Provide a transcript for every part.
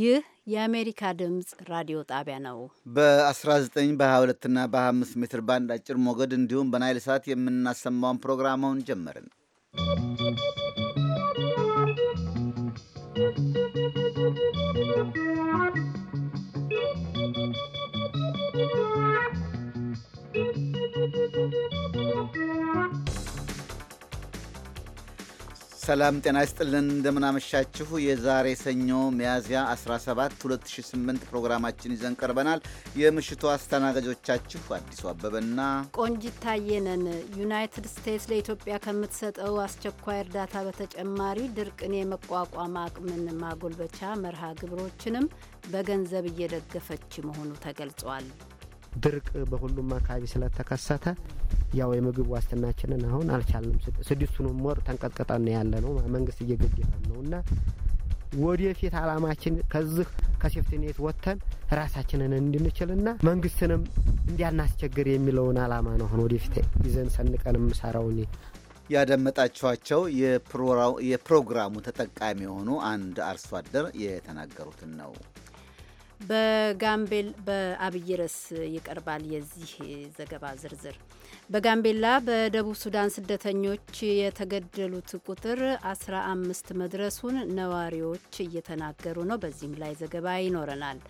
ይህ የአሜሪካ ድምፅ ራዲዮ ጣቢያ ነው። በ19 በ22 እና በ25 ሜትር ባንድ አጭር ሞገድ እንዲሁም በናይል ሰዓት የምናሰማውን ፕሮግራማውን ጀመርን። ሰላም ጤና ይስጥልን፣ እንደምናመሻችሁ። የዛሬ ሰኞ ሚያዝያ 17 2008 ፕሮግራማችን ይዘን ቀርበናል። የምሽቱ አስተናጋጆቻችሁ አዲሱ አበበና ቆንጂት ታየነን። ዩናይትድ ስቴትስ ለኢትዮጵያ ከምትሰጠው አስቸኳይ እርዳታ በተጨማሪ ድርቅን የመቋቋም አቅምን ማጎልበቻ መርሃ ግብሮችንም በገንዘብ እየደገፈች መሆኑ ተገልጿል። ድርቅ በሁሉም አካባቢ ስለተከሰተ ያው የምግብ ዋስትናችንን አሁን አልቻልንም። ስድስቱንም ወር ተንቀጥቀጠን ያለ ነው። መንግስት እየገደፈን ነው እና ወደፊት አላማችን ከዚህ ከሴፍትኔት ወጥተን ራሳችንን እንድንችልና መንግስትንም እንዲያናስቸግር የሚለውን አላማ ነው አሁን ወደፊት ይዘን ሰንቀን የምሰራው እኔ። ያደመጣችኋቸው የፕሮግራሙ ተጠቃሚ የሆኑ አንድ አርሶ አደር የተናገሩትን ነው። በጋምቤል በአብይ ርዕስ ይቀርባል። የዚህ ዘገባ ዝርዝር በጋምቤላ በደቡብ ሱዳን ስደተኞች የተገደሉት ቁጥር አስራ አምስት መድረሱን ነዋሪዎች እየተናገሩ ነው። በዚህም ላይ ዘገባ ይኖረናል።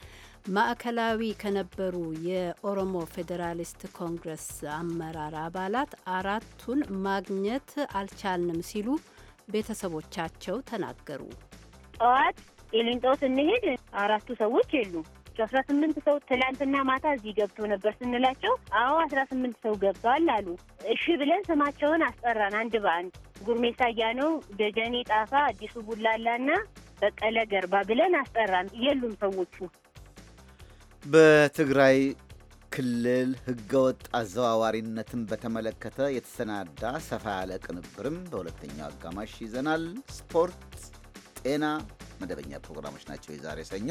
ማዕከላዊ ከነበሩ የኦሮሞ ፌዴራሊስት ኮንግረስ አመራር አባላት አራቱን ማግኘት አልቻልንም ሲሉ ቤተሰቦቻቸው ተናገሩ። ጠዋት ቄሊንጦ ስንሄድ አራቱ ሰዎች የሉ አስራ ስምንት ሰው ትላንትና ማታ እዚህ ገብቶ ነበር ስንላቸው አዎ አስራ ስምንት ሰው ገብተዋል አሉ። እሺ ብለን ስማቸውን አስጠራን አንድ በአንድ ጉርሜሳ አያነው፣ ደጀኔ ጣፋ፣ አዲሱ ቡላላና በቀለ ገርባ ብለን አስጠራን። የሉም ሰዎቹ። በትግራይ ክልል ህገወጥ አዘዋዋሪነትን በተመለከተ የተሰናዳ ሰፋ ያለ ቅንብርም በሁለተኛው አጋማሽ ይዘናል። ስፖርት፣ ጤና መደበኛ ፕሮግራሞች ናቸው። የዛሬ ሰኞ፣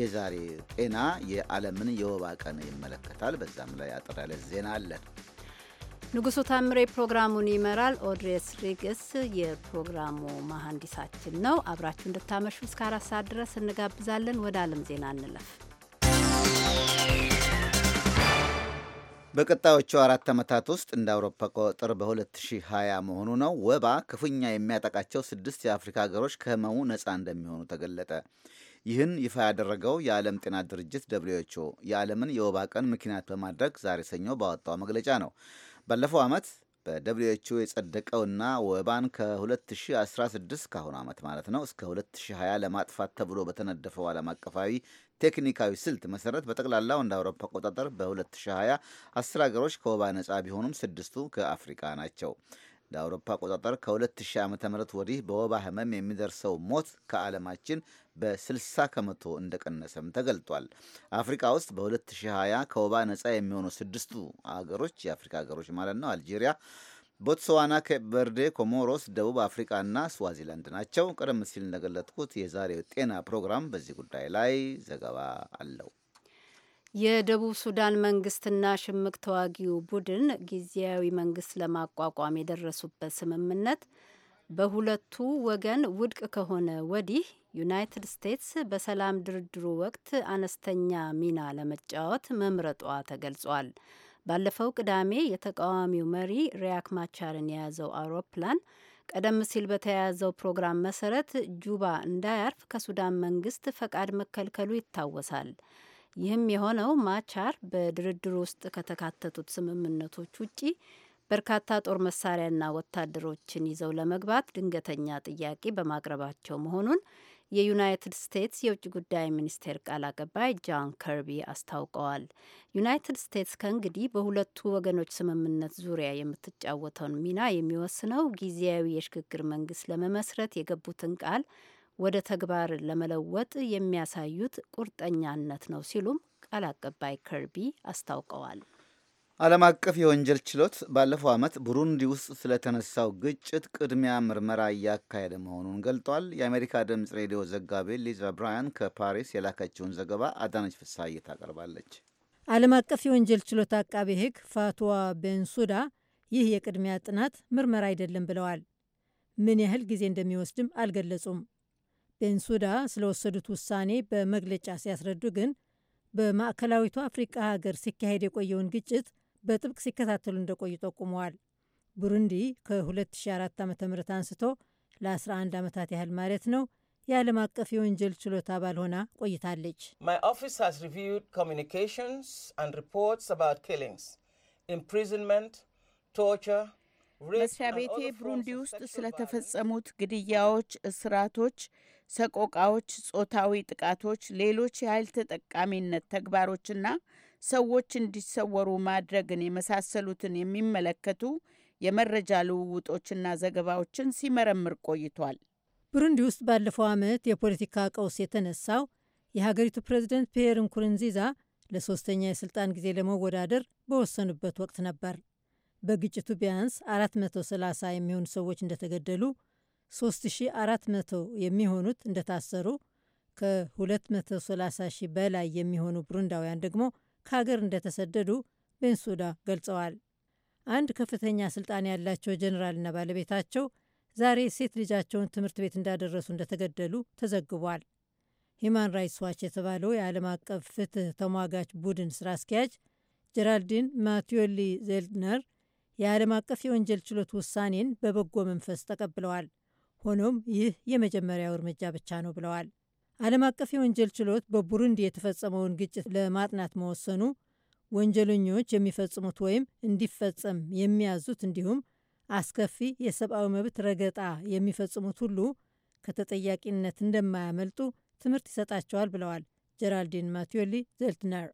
የዛሬ ጤና የዓለምን የወባ ቀን ይመለከታል። በዛም ላይ አጠር ያለ ዜና አለን። ንጉሱ ታምሬ ፕሮግራሙን ይመራል። ኦድሬስ ሪግስ የፕሮግራሙ መሐንዲሳችን ነው። አብራችሁ እንድታመሹ እስከ አራት ሰዓት ድረስ እንጋብዛለን። ወደ ዓለም ዜና እንለፍ። በቀጣዮቹ አራት ዓመታት ውስጥ እንደ አውሮፓ ቆጥር በ2020 መሆኑ ነው ወባ ክፉኛ የሚያጠቃቸው ስድስት የአፍሪካ ሀገሮች ከህመሙ ነፃ እንደሚሆኑ ተገለጠ። ይህን ይፋ ያደረገው የዓለም ጤና ድርጅት ደብሊውኤችኦ የዓለምን የወባ ቀን ምክንያት በማድረግ ዛሬ ሰኞ ባወጣው መግለጫ ነው። ባለፈው ዓመት በደብሊው ኤች የጸደቀውና ወባን ከ2016 ከአሁኑ ዓመት ማለት ነው እስከ 2020 ለማጥፋት ተብሎ በተነደፈው ዓለም አቀፋዊ ቴክኒካዊ ስልት መሰረት በጠቅላላው እንደ አውሮፓ አቆጣጠር በ2020 አስር ሀገሮች ከወባ ነጻ ቢሆኑም ስድስቱ ከአፍሪካ ናቸው። እንደ አውሮፓ አቆጣጠር ከ2000 ዓ ም ወዲህ በወባ ህመም የሚደርሰው ሞት ከዓለማችን በ60 ከመቶ እንደቀነሰም ተገልጧል። አፍሪካ ውስጥ በ2020 ከወባ ነፃ የሚሆኑ ስድስቱ አገሮች የአፍሪካ ሀገሮች ማለት ነው አልጄሪያ፣ ቦትስዋና፣ ኬፕ ቨርዴ፣ ኮሞሮስ፣ ደቡብ አፍሪካና ስዋዚላንድ ናቸው። ቀደም ሲል እንደገለጥኩት የዛሬው ጤና ፕሮግራም በዚህ ጉዳይ ላይ ዘገባ አለው። የደቡብ ሱዳን መንግስትና ሽምቅ ተዋጊው ቡድን ጊዜያዊ መንግስት ለማቋቋም የደረሱበት ስምምነት በሁለቱ ወገን ውድቅ ከሆነ ወዲህ ዩናይትድ ስቴትስ በሰላም ድርድሩ ወቅት አነስተኛ ሚና ለመጫወት መምረጧ ተገልጿል። ባለፈው ቅዳሜ የተቃዋሚው መሪ ሪያክ ማቻርን የያዘው አውሮፕላን ቀደም ሲል በተያያዘው ፕሮግራም መሰረት ጁባ እንዳያርፍ ከሱዳን መንግስት ፈቃድ መከልከሉ ይታወሳል። ይህም የሆነው ማቻር በድርድሩ ውስጥ ከተካተቱት ስምምነቶች ውጪ በርካታ ጦር መሳሪያና ወታደሮችን ይዘው ለመግባት ድንገተኛ ጥያቄ በማቅረባቸው መሆኑን የዩናይትድ ስቴትስ የውጭ ጉዳይ ሚኒስቴር ቃል አቀባይ ጃን ከርቢ አስታውቀዋል። ዩናይትድ ስቴትስ ከእንግዲህ በሁለቱ ወገኖች ስምምነት ዙሪያ የምትጫወተውን ሚና የሚወስነው ጊዜያዊ የሽግግር መንግስት ለመመስረት የገቡትን ቃል ወደ ተግባር ለመለወጥ የሚያሳዩት ቁርጠኛነት ነው ሲሉም ቃል አቀባይ ከርቢ አስታውቀዋል። ዓለም አቀፍ የወንጀል ችሎት ባለፈው ዓመት ቡሩንዲ ውስጥ ስለተነሳው ግጭት ቅድሚያ ምርመራ እያካሄደ መሆኑን ገልጧል። የአሜሪካ ድምፅ ሬዲዮ ዘጋቢ ሊዛ ብራያን ከፓሪስ የላከችውን ዘገባ አዳነች ፍሳይ ታቀርባለች። ዓለም አቀፍ የወንጀል ችሎት አቃቤ ሕግ ፋትዋ ቤንሱዳ ይህ የቅድሚያ ጥናት ምርመራ አይደለም ብለዋል። ምን ያህል ጊዜ እንደሚወስድም አልገለጹም። ቤንሱዳ ስለወሰዱት ውሳኔ በመግለጫ ሲያስረዱ ግን በማዕከላዊቱ አፍሪቃ ሀገር ሲካሄድ የቆየውን ግጭት በጥብቅ ሲከታተሉ እንደቆዩ ጠቁመዋል። ቡሩንዲ ከ2004 ዓ ም አንስቶ ለ11 ዓመታት ያህል ማለት ነው የዓለም አቀፍ የወንጀል ችሎት አባል ሆና ቆይታለች። መስሪያ ቤቴ ብሩንዲ ውስጥ ስለተፈጸሙት ግድያዎች፣ እስራቶች፣ ሰቆቃዎች፣ ጾታዊ ጥቃቶች፣ ሌሎች የኃይል ተጠቃሚነት ተግባሮችና ሰዎች እንዲሰወሩ ማድረግን የመሳሰሉትን የሚመለከቱ የመረጃ ልውውጦችና ዘገባዎችን ሲመረምር ቆይቷል። ብሩንዲ ውስጥ ባለፈው ዓመት የፖለቲካ ቀውስ የተነሳው የሀገሪቱ ፕሬዚደንት ፒየር እንኩርንዚዛ ለሶስተኛ የስልጣን ጊዜ ለመወዳደር በወሰኑበት ወቅት ነበር። በግጭቱ ቢያንስ 430 የሚሆኑ ሰዎች እንደተገደሉ፣ 3400 የሚሆኑት እንደታሰሩ፣ ከ230 ሺህ በላይ የሚሆኑ ብሩንዳውያን ደግሞ ከሀገር እንደተሰደዱ ቤንሱዳ ገልጸዋል። አንድ ከፍተኛ ስልጣን ያላቸው ጀኔራልና ባለቤታቸው ዛሬ ሴት ልጃቸውን ትምህርት ቤት እንዳደረሱ እንደተገደሉ ተዘግቧል። ሂማን ራይትስ ዋች የተባለው የዓለም አቀፍ ፍትህ ተሟጋች ቡድን ስራ አስኪያጅ ጀራልዲን ማቲዮሊ ዜልድነር የዓለም አቀፍ የወንጀል ችሎት ውሳኔን በበጎ መንፈስ ተቀብለዋል። ሆኖም ይህ የመጀመሪያው እርምጃ ብቻ ነው ብለዋል። ዓለም አቀፍ የወንጀል ችሎት በቡሩንዲ የተፈጸመውን ግጭት ለማጥናት መወሰኑ ወንጀለኞች የሚፈጽሙት ወይም እንዲፈጸም የሚያዙት እንዲሁም አስከፊ የሰብአዊ መብት ረገጣ የሚፈጽሙት ሁሉ ከተጠያቂነት እንደማያመልጡ ትምህርት ይሰጣቸዋል ብለዋል ጀራልዲን ማቲዮሊ ዘልትነር።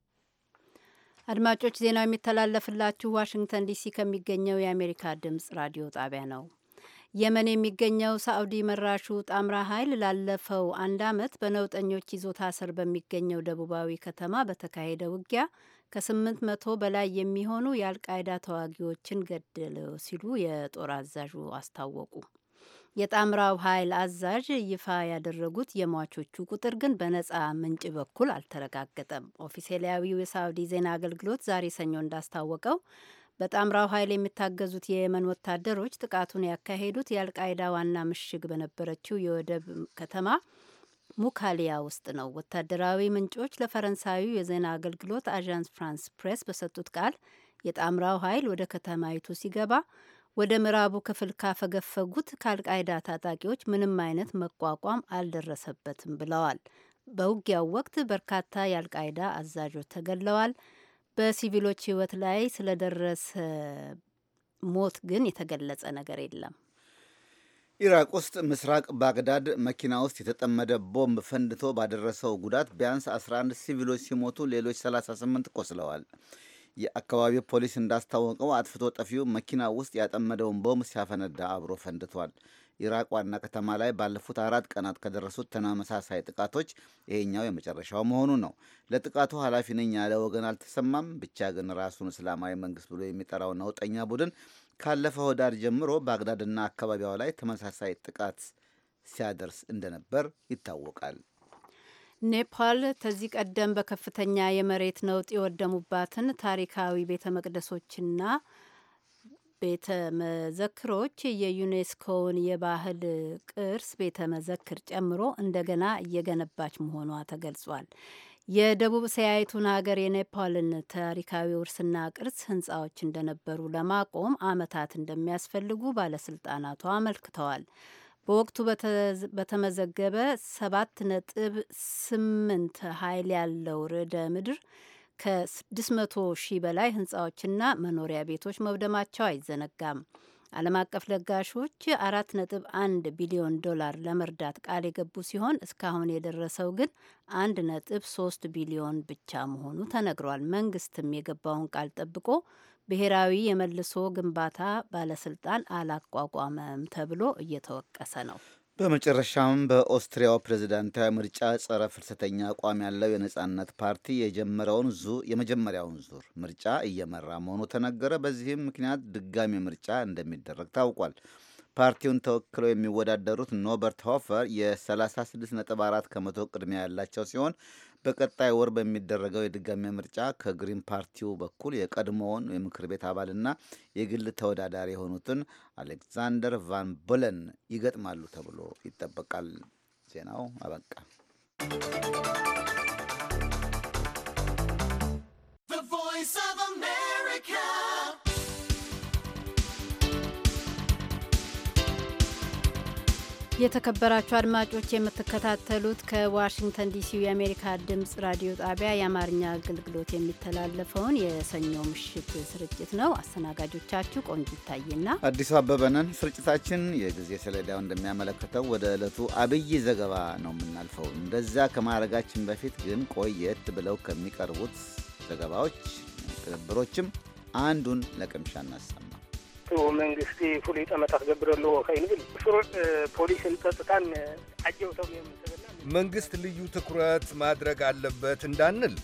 አድማጮች ዜናው የሚተላለፍላችሁ ዋሽንግተን ዲሲ ከሚገኘው የአሜሪካ ድምጽ ራዲዮ ጣቢያ ነው። የመን የሚገኘው ሳዑዲ መራሹ ጣምራ ኃይል ላለፈው አንድ ዓመት በነውጠኞች ይዞታ ስር በሚገኘው ደቡባዊ ከተማ በተካሄደ ውጊያ ከስምንት መቶ በላይ የሚሆኑ የአልቃይዳ ተዋጊዎችን ገደለ ሲሉ የጦር አዛዡ አስታወቁ። የጣምራው ኃይል አዛዥ ይፋ ያደረጉት የሟቾቹ ቁጥር ግን በነጻ ምንጭ በኩል አልተረጋገጠም። ኦፊሴላዊው የሳውዲ ዜና አገልግሎት ዛሬ ሰኞ እንዳስታወቀው በጣምራው ኃይል የሚታገዙት የየመን ወታደሮች ጥቃቱን ያካሄዱት የአልቃይዳ ዋና ምሽግ በነበረችው የወደብ ከተማ ሙካሊያ ውስጥ ነው። ወታደራዊ ምንጮች ለፈረንሳዩ የዜና አገልግሎት አዣንስ ፍራንስ ፕሬስ በሰጡት ቃል የጣምራው ኃይል ወደ ከተማይቱ ሲገባ ወደ ምዕራቡ ክፍል ካፈገፈጉት ከአልቃይዳ ታጣቂዎች ምንም አይነት መቋቋም አልደረሰበትም ብለዋል። በውጊያው ወቅት በርካታ የአልቃይዳ አዛዦች ተገድለዋል። በሲቪሎች ህይወት ላይ ስለደረሰ ሞት ግን የተገለጸ ነገር የለም። ኢራቅ ውስጥ ምስራቅ ባግዳድ መኪና ውስጥ የተጠመደ ቦምብ ፈንድቶ ባደረሰው ጉዳት ቢያንስ 11 ሲቪሎች ሲሞቱ ሌሎች 38 ቆስለዋል። የአካባቢው ፖሊስ እንዳስታወቀው አጥፍቶ ጠፊው መኪና ውስጥ ያጠመደውን ቦምብ ሲያፈነዳ አብሮ ፈንድቷል። ኢራቅ ዋና ከተማ ላይ ባለፉት አራት ቀናት ከደረሱት ተመሳሳይ ጥቃቶች ይሄኛው የመጨረሻው መሆኑ ነው። ለጥቃቱ ኃላፊ ነኝ ያለ ወገን አልተሰማም። ብቻ ግን ራሱን እስላማዊ መንግስት ብሎ የሚጠራው ነውጠኛ ቡድን ካለፈው ዳር ጀምሮ ባግዳድና አካባቢዋ ላይ ተመሳሳይ ጥቃት ሲያደርስ እንደነበር ይታወቃል። ኔፓል ከዚህ ቀደም በከፍተኛ የመሬት ነውጥ የወደሙባትን ታሪካዊ ቤተ መቅደሶችና ቤተ መዘክሮች የዩኔስኮውን የባህል ቅርስ ቤተ መዘክር ጨምሮ እንደገና እየገነባች መሆኗ ተገልጿል። የደቡብ እስያዊቱን ሀገር የኔፓልን ታሪካዊ ውርስና ቅርስ ህንፃዎች እንደነበሩ ለማቆም ዓመታት እንደሚያስፈልጉ ባለስልጣናቷ አመልክተዋል። በወቅቱ በተመዘገበ ሰባት ነጥብ ስምንት ኃይል ያለው ርዕደ ምድር ከ600 ሺህ በላይ ህንፃዎችና መኖሪያ ቤቶች መውደማቸው አይዘነጋም። ዓለም አቀፍ ለጋሾች 4.1 ቢሊዮን ዶላር ለመርዳት ቃል የገቡ ሲሆን እስካሁን የደረሰው ግን 1.3 ቢሊዮን ብቻ መሆኑ ተነግሯል። መንግስትም የገባውን ቃል ጠብቆ ብሔራዊ የመልሶ ግንባታ ባለስልጣን አላቋቋመም ተብሎ እየተወቀሰ ነው። በመጨረሻም በኦስትሪያው ፕሬዝዳንታዊ ምርጫ ጸረ ፍልሰተኛ አቋም ያለው የነጻነት ፓርቲ የጀመረውን ዙ የመጀመሪያውን ዙር ምርጫ እየመራ መሆኑ ተነገረ። በዚህም ምክንያት ድጋሚ ምርጫ እንደሚደረግ ታውቋል። ፓርቲውን ተወክለው የሚወዳደሩት ኖበርት ሆፈር የ36.4 ከመቶ ቅድሚያ ያላቸው ሲሆን በቀጣይ ወር በሚደረገው የድጋሚ ምርጫ ከግሪን ፓርቲው በኩል የቀድሞውን የምክር ቤት አባልና የግል ተወዳዳሪ የሆኑትን አሌክዛንደር ቫን ቦለን ይገጥማሉ ተብሎ ይጠበቃል። ዜናው አበቃ። የተከበራችሁ አድማጮች የምትከታተሉት ከዋሽንግተን ዲሲ የአሜሪካ ድምፅ ራዲዮ ጣቢያ የአማርኛ አገልግሎት የሚተላለፈውን የሰኞ ምሽት ስርጭት ነው። አስተናጋጆቻችሁ ቆንጅ ይታይና አዲሱ አበበነን ስርጭታችን የጊዜ ሰሌዳው እንደሚያመለክተው ወደ ዕለቱ አብይ ዘገባ ነው የምናልፈው። እንደዛ ከማድረጋችን በፊት ግን ቆየት ብለው ከሚቀርቡት ዘገባዎች ቅንብሮችም አንዱን ለቅምሻ እናሰማ። ቱ መንግስቲ ፍሉይ ጠመታ ክገብር ኣለዎ ከይንብል ስሩዕ ፖሊስን ፀጥታን ዓጀብቶም እዮም መንግስት ልዩ ትኩረት ማድረግ አለበት እንዳንል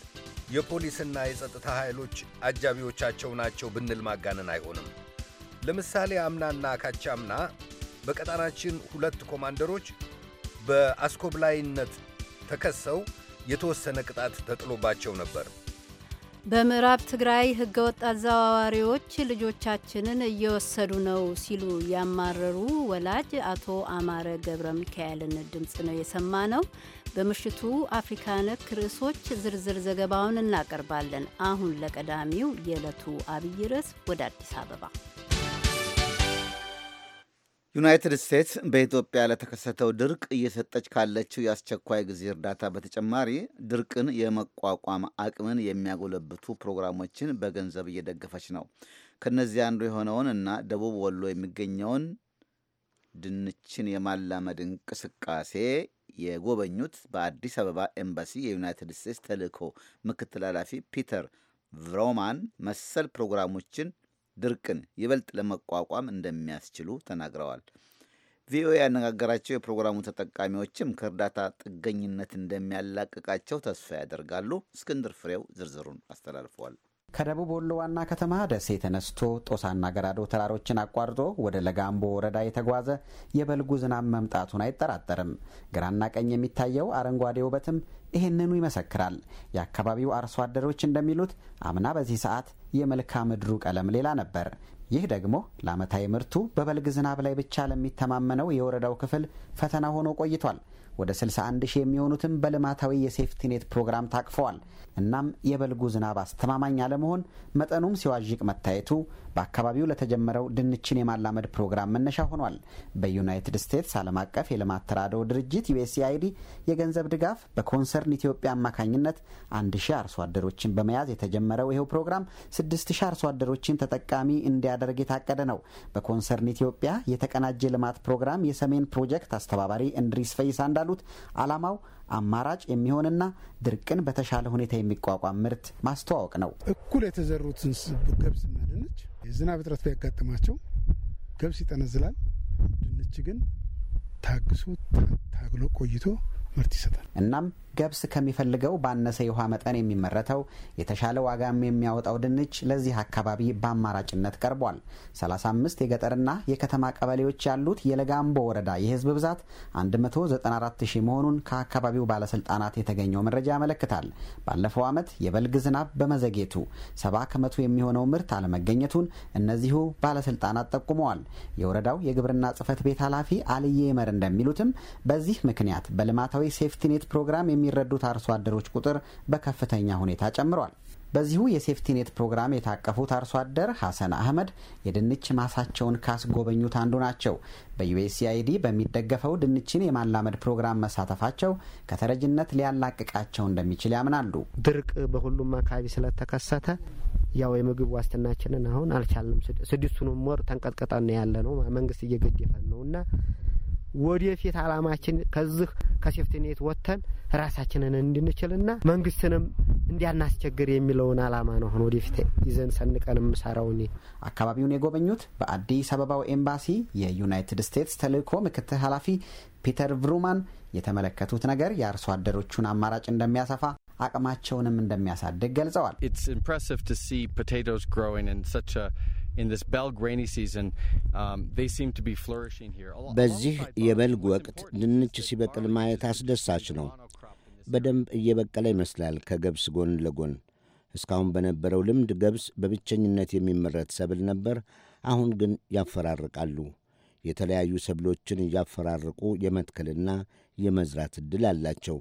የፖሊስና የጸጥታ ኃይሎች አጃቢዎቻቸው ናቸው ብንል ማጋነን አይሆንም። ለምሳሌ አምናና ካቻምና በቀጣናችን ሁለት ኮማንደሮች በአስኮብላይነት ተከሰው የተወሰነ ቅጣት ተጥሎባቸው ነበር። በምዕራብ ትግራይ ህገወጥ አዘዋዋሪዎች ልጆቻችንን እየወሰዱ ነው ሲሉ ያማረሩ ወላጅ አቶ አማረ ገብረ ሚካኤልን ድምፅ ነው የሰማ ነው። በምሽቱ አፍሪካ ነክ ርዕሶች ዝርዝር ዘገባውን እናቀርባለን። አሁን ለቀዳሚው የዕለቱ አብይ ርዕስ ወደ አዲስ አበባ ዩናይትድ ስቴትስ በኢትዮጵያ ለተከሰተው ድርቅ እየሰጠች ካለችው የአስቸኳይ ጊዜ እርዳታ በተጨማሪ ድርቅን የመቋቋም አቅምን የሚያጎለብቱ ፕሮግራሞችን በገንዘብ እየደገፈች ነው። ከነዚህ አንዱ የሆነውን እና ደቡብ ወሎ የሚገኘውን ድንችን የማላመድ እንቅስቃሴ የጎበኙት በአዲስ አበባ ኤምባሲ የዩናይትድ ስቴትስ ተልዕኮ ምክትል ኃላፊ ፒተር ቭሮማን መሰል ፕሮግራሞችን ድርቅን ይበልጥ ለመቋቋም እንደሚያስችሉ ተናግረዋል። ቪኦኤ ያነጋገራቸው የፕሮግራሙ ተጠቃሚዎችም ከእርዳታ ጥገኝነት እንደሚያላቅቃቸው ተስፋ ያደርጋሉ። እስክንድር ፍሬው ዝርዝሩን አስተላልፈዋል። ከደቡብ ወሎ ዋና ከተማ ደሴ ተነስቶ ጦሳና ገራዶ ተራሮችን አቋርጦ ወደ ለጋምቦ ወረዳ የተጓዘ የበልጉ ዝናብ መምጣቱን አይጠራጠርም። ግራና ቀኝ የሚታየው አረንጓዴ ውበትም ይህንኑ ይመሰክራል። የአካባቢው አርሶ አደሮች እንደሚሉት አምና በዚህ ሰዓት የመልክዓ ምድሩ ቀለም ሌላ ነበር። ይህ ደግሞ ለዓመታዊ ምርቱ በበልግ ዝናብ ላይ ብቻ ለሚተማመነው የወረዳው ክፍል ፈተና ሆኖ ቆይቷል። ወደ 61 ሺህ የሚሆኑትም በልማታዊ የሴፍቲኔት ፕሮግራም ታቅፈዋል። እናም የበልጉ ዝናብ አስተማማኝ አለመሆን መጠኑም ሲዋዥቅ መታየቱ በአካባቢው ለተጀመረው ድንችን የማላመድ ፕሮግራም መነሻ ሆኗል። በዩናይትድ ስቴትስ ዓለም አቀፍ የልማት ተራድኦ ድርጅት ዩኤስኤአይዲ የገንዘብ ድጋፍ በኮንሰርን ኢትዮጵያ አማካኝነት 1 ሺህ አርሶ አደሮችን በመያዝ የተጀመረው ይኸው ፕሮግራም 6 አርሶ አደሮችን ተጠቃሚ እንዲያደርግ የታቀደ ነው። በኮንሰርን ኢትዮጵያ የተቀናጀ ልማት ፕሮግራም የሰሜን ፕሮጀክት አስተባባሪ እንድሪስ ፈይሳ እንዳሉ ያሉት ዓላማው አማራጭ የሚሆንና ድርቅን በተሻለ ሁኔታ የሚቋቋም ምርት ማስተዋወቅ ነው። እኩል የተዘሩትን ገብስና ድንች የዝናብ እጥረት ቢያጋጥማቸው ገብስ ይጠነዝላል፣ ድንች ግን ታግሶ ታግሎ ቆይቶ ምርት ይሰጣል። እናም ገብስ ከሚፈልገው ባነሰ የውሃ መጠን የሚመረተው የተሻለ ዋጋም የሚያወጣው ድንች ለዚህ አካባቢ በአማራጭነት ቀርቧል። 35 የገጠርና የከተማ ቀበሌዎች ያሉት የለጋምቦ ወረዳ የህዝብ ብዛት 194 መሆኑን ከአካባቢው ባለስልጣናት የተገኘው መረጃ ያመለክታል። ባለፈው ዓመት የበልግ ዝናብ በመዘግየቱ 70 ከመቶ የሚሆነው ምርት አለመገኘቱን እነዚሁ ባለስልጣናት ጠቁመዋል። የወረዳው የግብርና ጽህፈት ቤት ኃላፊ አልዬ መር እንደሚሉትም በዚህ ምክንያት በልማታዊ ሴፍቲኔት ፕሮግራም የሚ የሚረዱት አርሶ አደሮች ቁጥር በከፍተኛ ሁኔታ ጨምሯል። በዚሁ የሴፍቲኔት ፕሮግራም የታቀፉት አርሶ አደር ሐሰን አህመድ የድንች ማሳቸውን ካስጎበኙት አንዱ ናቸው። በዩኤስአይዲ በሚደገፈው ድንችን የማላመድ ፕሮግራም መሳተፋቸው ከተረጅነት ሊያላቅቃቸው እንደሚችል ያምናሉ። ድርቅ በሁሉም አካባቢ ስለተከሰተ ያው የምግብ ዋስትናችንን አሁን አልቻለም። ስድስቱንም ወር ተንቀጥቀጠን ያለ ነው። መንግስት እየገደፈን ነው እና ወደፊት አላማችን ከዚህ ከሴፍትኔት ወጥተን ራሳችንን እንድንችልና መንግስትንም እንዲያናስቸግር የሚለውን አላማ ነው አሁን ወደፊት ይዘን ሰንቀን የምሰራው። እኔ አካባቢውን የጎበኙት በአዲስ አበባው ኤምባሲ የዩናይትድ ስቴትስ ተልእኮ ምክትል ኃላፊ ፒተር ቭሩማን የተመለከቱት ነገር የአርሶ አደሮቹን አማራጭ እንደሚያሰፋ አቅማቸውንም እንደሚያሳድግ ገልጸዋል። Um, በዚህ የበልግ ወቅት ድንች ሲበቅል ማየት አስደሳች ነው። በደንብ እየበቀለ ይመስላል ከገብስ ጎን ለጎን። እስካሁን በነበረው ልምድ ገብስ በብቸኝነት የሚመረት ሰብል ነበር። አሁን ግን ያፈራርቃሉ። የተለያዩ ሰብሎችን እያፈራርቁ የመትከልና የመዝራት ዕድል አላቸው።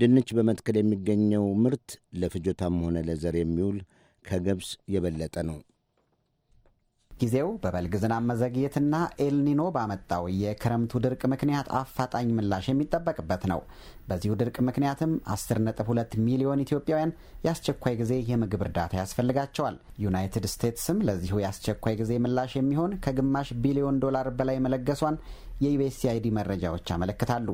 ድንች በመትከል የሚገኘው ምርት ለፍጆታም ሆነ ለዘር የሚውል ከገብስ የበለጠ ነው። ጊዜው በበልግ ዝናብ መዘግየትና ኤልኒኖ ባመጣው የክረምቱ ድርቅ ምክንያት አፋጣኝ ምላሽ የሚጠበቅበት ነው። በዚሁ ድርቅ ምክንያትም 10.2 ሚሊዮን ኢትዮጵያውያን የአስቸኳይ ጊዜ የምግብ እርዳታ ያስፈልጋቸዋል። ዩናይትድ ስቴትስም ለዚሁ የአስቸኳይ ጊዜ ምላሽ የሚሆን ከግማሽ ቢሊዮን ዶላር በላይ መለገሷን የዩኤስአይዲ መረጃዎች ያመለክታሉ።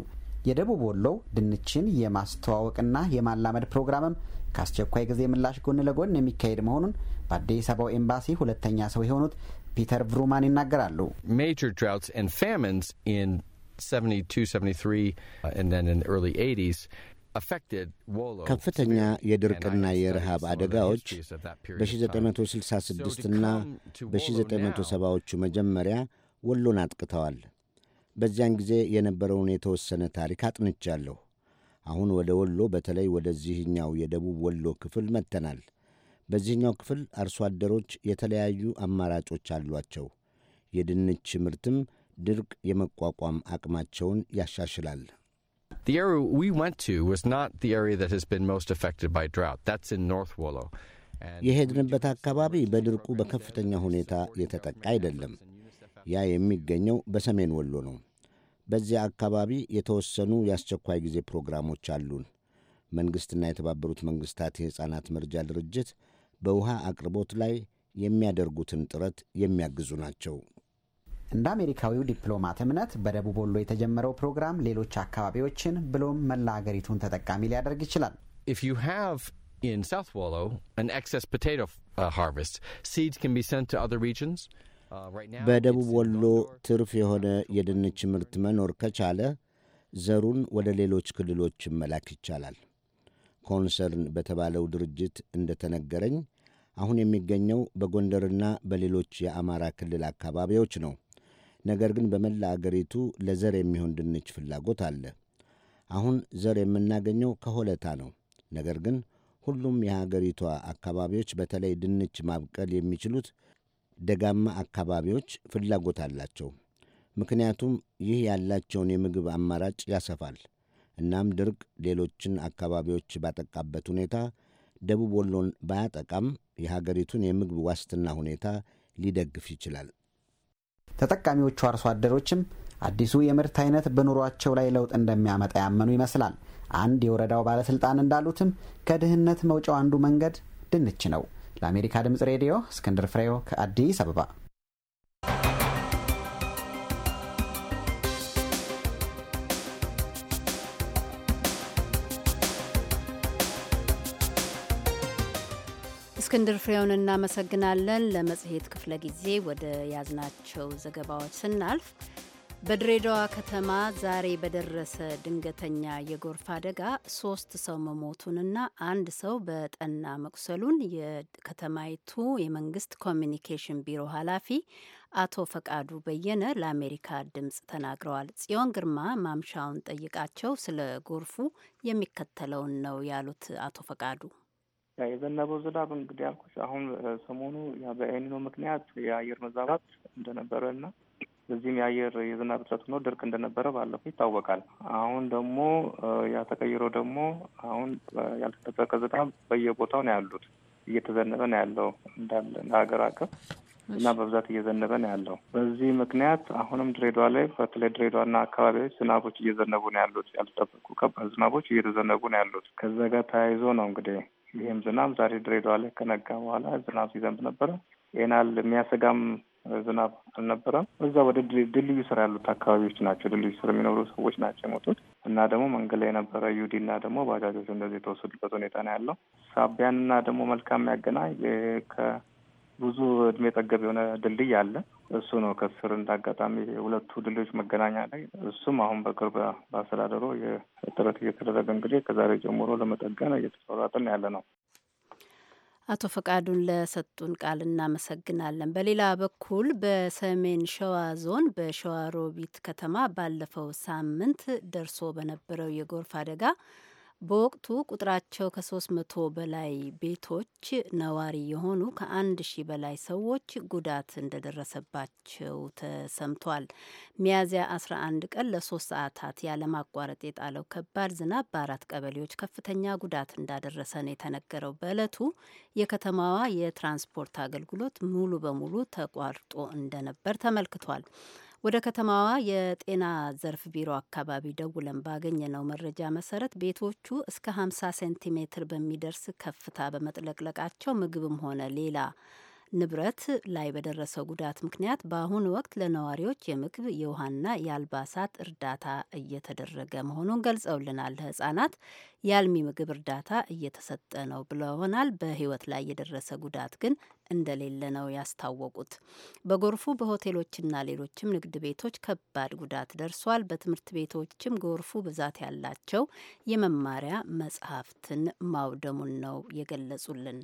የደቡብ ወሎ ድንችን የማስተዋወቅና የማላመድ ፕሮግራምም ከአስቸኳይ ጊዜ ምላሽ ጎን ለጎን የሚካሄድ መሆኑን በአዲስ አበባው ኤምባሲ ሁለተኛ ሰው የሆኑት ፒተር ቭሩማን ይናገራሉ። ከፍተኛ የድርቅና የረሃብ አደጋዎች በ1966ና በ1970ዎቹ መጀመሪያ ወሎን አጥቅተዋል። በዚያን ጊዜ የነበረውን የተወሰነ ታሪክ አጥንቻለሁ። አሁን ወደ ወሎ በተለይ ወደዚህኛው የደቡብ ወሎ ክፍል መጥተናል። በዚህኛው ክፍል አርሶ አደሮች የተለያዩ አማራጮች አሏቸው። የድንች ምርትም ድርቅ የመቋቋም አቅማቸውን ያሻሽላል። የሄድንበት አካባቢ በድርቁ በከፍተኛ ሁኔታ የተጠቃ አይደለም። ያ የሚገኘው በሰሜን ወሎ ነው። በዚያ አካባቢ የተወሰኑ የአስቸኳይ ጊዜ ፕሮግራሞች አሉን። መንግሥትና የተባበሩት መንግሥታት የሕፃናት መርጃ ድርጅት በውሃ አቅርቦት ላይ የሚያደርጉትን ጥረት የሚያግዙ ናቸው። እንደ አሜሪካዊው ዲፕሎማት እምነት በደቡብ ወሎ የተጀመረው ፕሮግራም ሌሎች አካባቢዎችን ብሎም መላ አገሪቱን ተጠቃሚ ሊያደርግ ይችላል። uh, uh, በደቡብ ወሎ ትርፍ የሆነ የድንች ምርት መኖር ከቻለ ዘሩን ወደ ሌሎች ክልሎች መላክ ይቻላል። ኮንሰርን በተባለው ድርጅት እንደተነገረኝ አሁን የሚገኘው በጎንደርና በሌሎች የአማራ ክልል አካባቢዎች ነው። ነገር ግን በመላ አገሪቱ ለዘር የሚሆን ድንች ፍላጎት አለ። አሁን ዘር የምናገኘው ከሆለታ ነው። ነገር ግን ሁሉም የሀገሪቷ አካባቢዎች በተለይ ድንች ማብቀል የሚችሉት ደጋማ አካባቢዎች ፍላጎት አላቸው። ምክንያቱም ይህ ያላቸውን የምግብ አማራጭ ያሰፋል። እናም ድርቅ ሌሎችን አካባቢዎች ባጠቃበት ሁኔታ ደቡብ ወሎን ባያጠቃም የሀገሪቱን የምግብ ዋስትና ሁኔታ ሊደግፍ ይችላል። ተጠቃሚዎቹ አርሶ አደሮችም አዲሱ የምርት አይነት በኑሯቸው ላይ ለውጥ እንደሚያመጣ ያመኑ ይመስላል። አንድ የወረዳው ባለስልጣን እንዳሉትም ከድህነት መውጫው አንዱ መንገድ ድንች ነው። ለአሜሪካ ድምፅ ሬዲዮ እስክንድር ፍሬው ከአዲስ አበባ እስክንድር ፍሬውን እናመሰግናለን። ለመጽሔት ክፍለ ጊዜ ወደ ያዝናቸው ዘገባዎች ስናልፍ በድሬዳዋ ከተማ ዛሬ በደረሰ ድንገተኛ የጎርፍ አደጋ ሶስት ሰው መሞቱንና አንድ ሰው በጠና መቁሰሉን የከተማይቱ የመንግስት ኮሚኒኬሽን ቢሮ ኃላፊ አቶ ፈቃዱ በየነ ለአሜሪካ ድምፅ ተናግረዋል። ጽዮን ግርማ ማምሻውን ጠይቃቸው ስለ ጎርፉ የሚከተለውን ነው ያሉት አቶ ፈቃዱ የዘነበው ዝናብ እንግዲህ ያልኩሽ አሁን ሰሞኑ በኤኒኖ ምክንያት የአየር መዛባት እንደነበረ እና በዚህም የአየር የዝናብ እጥረት ሆኖ ድርቅ እንደነበረ ባለፈው ይታወቃል። አሁን ደግሞ ያ ተቀይሮ ደግሞ አሁን ያልተጠበቀ ዝናብ በየቦታው ነው ያሉት እየተዘነበ ነው ያለው እንዳለ እንደ ሀገር አቀፍ እና በብዛት እየዘነበ ነው ያለው። በዚህ ምክንያት አሁንም ድሬዳዋ ላይ በተለይ ድሬዳዋና አካባቢዎች ዝናቦች እየዘነቡ ነው ያሉት። ያልተጠበቁ ዝናቦች እየተዘነቡ ነው ያሉት። ከዛ ጋር ተያይዞ ነው እንግዲህ ይህም ዝናብ ዛሬ ድሬዳዋ ላይ ከነጋ በኋላ ዝናብ ሲዘንብ ነበረ። ይናል የሚያሰጋም ዝናብ አልነበረም። እዛ ወደ ድልድዩ ስራ ያሉት አካባቢዎች ናቸው። ድልድዩ ስር የሚኖሩ ሰዎች ናቸው የሞቱት እና ደግሞ መንገድ ላይ የነበረ ዩዲ እና ደግሞ ባጃጆች እንደዚህ የተወሰዱበት ሁኔታ ነው ያለው። ሳቢያን እና ደግሞ መልካም ያገናኝ ከብዙ እድሜ ጠገብ የሆነ ድልድይ አለ። እሱ ነው ከስር እንዳጋጣሚ የሁለቱ ድልድዮች መገናኛ ላይ እሱም አሁን በቅርብ በአስተዳደሩ ጥረት እየተደረገ እንግዲህ ከዛሬ ጀምሮ ለመጠገን እየተሰራጥን ያለ ነው። አቶ ፈቃዱን ለሰጡን ቃል እናመሰግናለን። በሌላ በኩል በሰሜን ሸዋ ዞን በሸዋሮቢት ከተማ ባለፈው ሳምንት ደርሶ በነበረው የጎርፍ አደጋ በወቅቱ ቁጥራቸው ከ300 በላይ ቤቶች ነዋሪ የሆኑ ከ1 ሺህ በላይ ሰዎች ጉዳት እንደደረሰባቸው ተሰምቷል። ሚያዝያ 11 ቀን ለሶስት ሰዓታት ያለማቋረጥ የጣለው ከባድ ዝናብ በአራት ቀበሌዎች ከፍተኛ ጉዳት እንዳደረሰ ነው የተነገረው። በዕለቱ የከተማዋ የትራንስፖርት አገልግሎት ሙሉ በሙሉ ተቋርጦ እንደነበር ተመልክቷል። ወደ ከተማዋ የጤና ዘርፍ ቢሮ አካባቢ ደውለን ባገኘነው መረጃ መሰረት ቤቶቹ እስከ 50 ሴንቲሜትር በሚደርስ ከፍታ በመጥለቅለቃቸው ምግብም ሆነ ሌላ ንብረት ላይ በደረሰው ጉዳት ምክንያት በአሁኑ ወቅት ለነዋሪዎች የምግብ የውሃና የአልባሳት እርዳታ እየተደረገ መሆኑን ገልጸውልናል። ለህጻናት የአልሚ ምግብ እርዳታ እየተሰጠ ነው ብለውናል። በህይወት ላይ የደረሰ ጉዳት ግን እንደሌለ ነው ያስታወቁት። በጎርፉ በሆቴሎችና ሌሎችም ንግድ ቤቶች ከባድ ጉዳት ደርሷል። በትምህርት ቤቶችም ጎርፉ ብዛት ያላቸው የመማሪያ መጽሐፍትን ማውደሙን ነው የገለጹልን።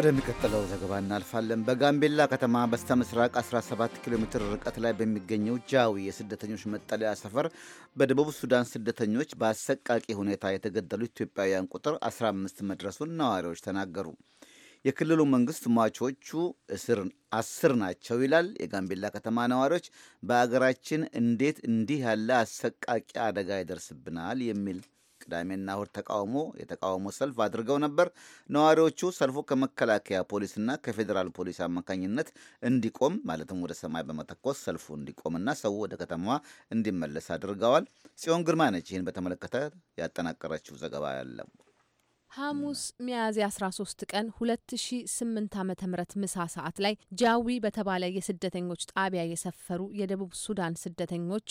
ወደሚቀጥለው ዘገባ እናልፋለን። በጋምቤላ ከተማ በስተ ምስራቅ 17 ኪሎ ሜትር ርቀት ላይ በሚገኘው ጃዊ የስደተኞች መጠለያ ሰፈር በደቡብ ሱዳን ስደተኞች በአሰቃቂ ሁኔታ የተገደሉ ኢትዮጵያውያን ቁጥር 15 መድረሱን ነዋሪዎች ተናገሩ። የክልሉ መንግስት ሟቾቹ አስር ናቸው ይላል። የጋምቤላ ከተማ ነዋሪዎች በአገራችን እንዴት እንዲህ ያለ አሰቃቂ አደጋ ይደርስብናል የሚል ቅዳሜና እሁድ ተቃውሞ የተቃውሞ ሰልፍ አድርገው ነበር። ነዋሪዎቹ ሰልፉ ከመከላከያ ፖሊስና ከፌዴራል ፖሊስ አማካኝነት እንዲቆም ማለትም ወደ ሰማይ በመተኮስ ሰልፉ እንዲቆምና ሰው ወደ ከተማዋ እንዲመለስ አድርገዋል። ጽዮን ግርማ ነች ይህን በተመለከተ ያጠናቀረችው ዘገባ ያለው ሐሙስ ሚያዝያ 13 ቀን 2008 ዓ ም ምሳ ሰዓት ላይ ጃዊ በተባለ የስደተኞች ጣቢያ የሰፈሩ የደቡብ ሱዳን ስደተኞች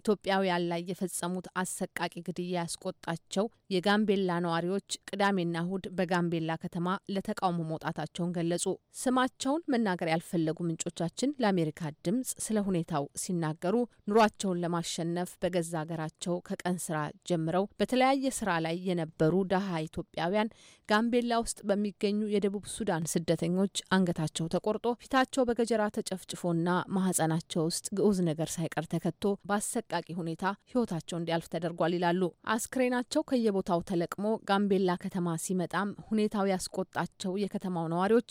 ኢትዮጵያውያን ላይ የፈጸሙት አሰቃቂ ግድያ ያስቆጣቸው የጋምቤላ ነዋሪዎች ቅዳሜና እሁድ በጋምቤላ ከተማ ለተቃውሞ መውጣታቸውን ገለጹ። ስማቸውን መናገር ያልፈለጉ ምንጮቻችን ለአሜሪካ ድምፅ ስለ ሁኔታው ሲናገሩ ኑሯቸውን ለማሸነፍ በገዛ ሀገራቸው ከቀን ስራ ጀምረው በተለያየ ስራ ላይ የነበሩ ደሀ ኢትዮጵያ ኢትዮጵያውያን ጋምቤላ ውስጥ በሚገኙ የደቡብ ሱዳን ስደተኞች አንገታቸው ተቆርጦ ፊታቸው በገጀራ ተጨፍጭፎና ማህጸናቸው ውስጥ ግዑዝ ነገር ሳይቀር ተከቶ በአሰቃቂ ሁኔታ ህይወታቸው እንዲያልፍ ተደርጓል ይላሉ። አስክሬናቸው ከየቦታው ተለቅሞ ጋምቤላ ከተማ ሲመጣም ሁኔታው ያስቆጣቸው የከተማው ነዋሪዎች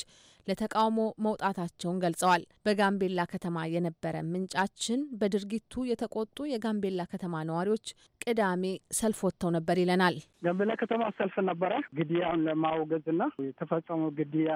ለተቃውሞ መውጣታቸውን ገልጸዋል። በጋምቤላ ከተማ የነበረ ምንጫችን በድርጊቱ የተቆጡ የጋምቤላ ከተማ ነዋሪዎች ቅዳሜ ሰልፍ ወጥተው ነበር ይለናል። ጋምቤላ ከተማ ሰልፍ ነበረ ግድያውን ለማውገዝና የተፈጸሙ ግድያ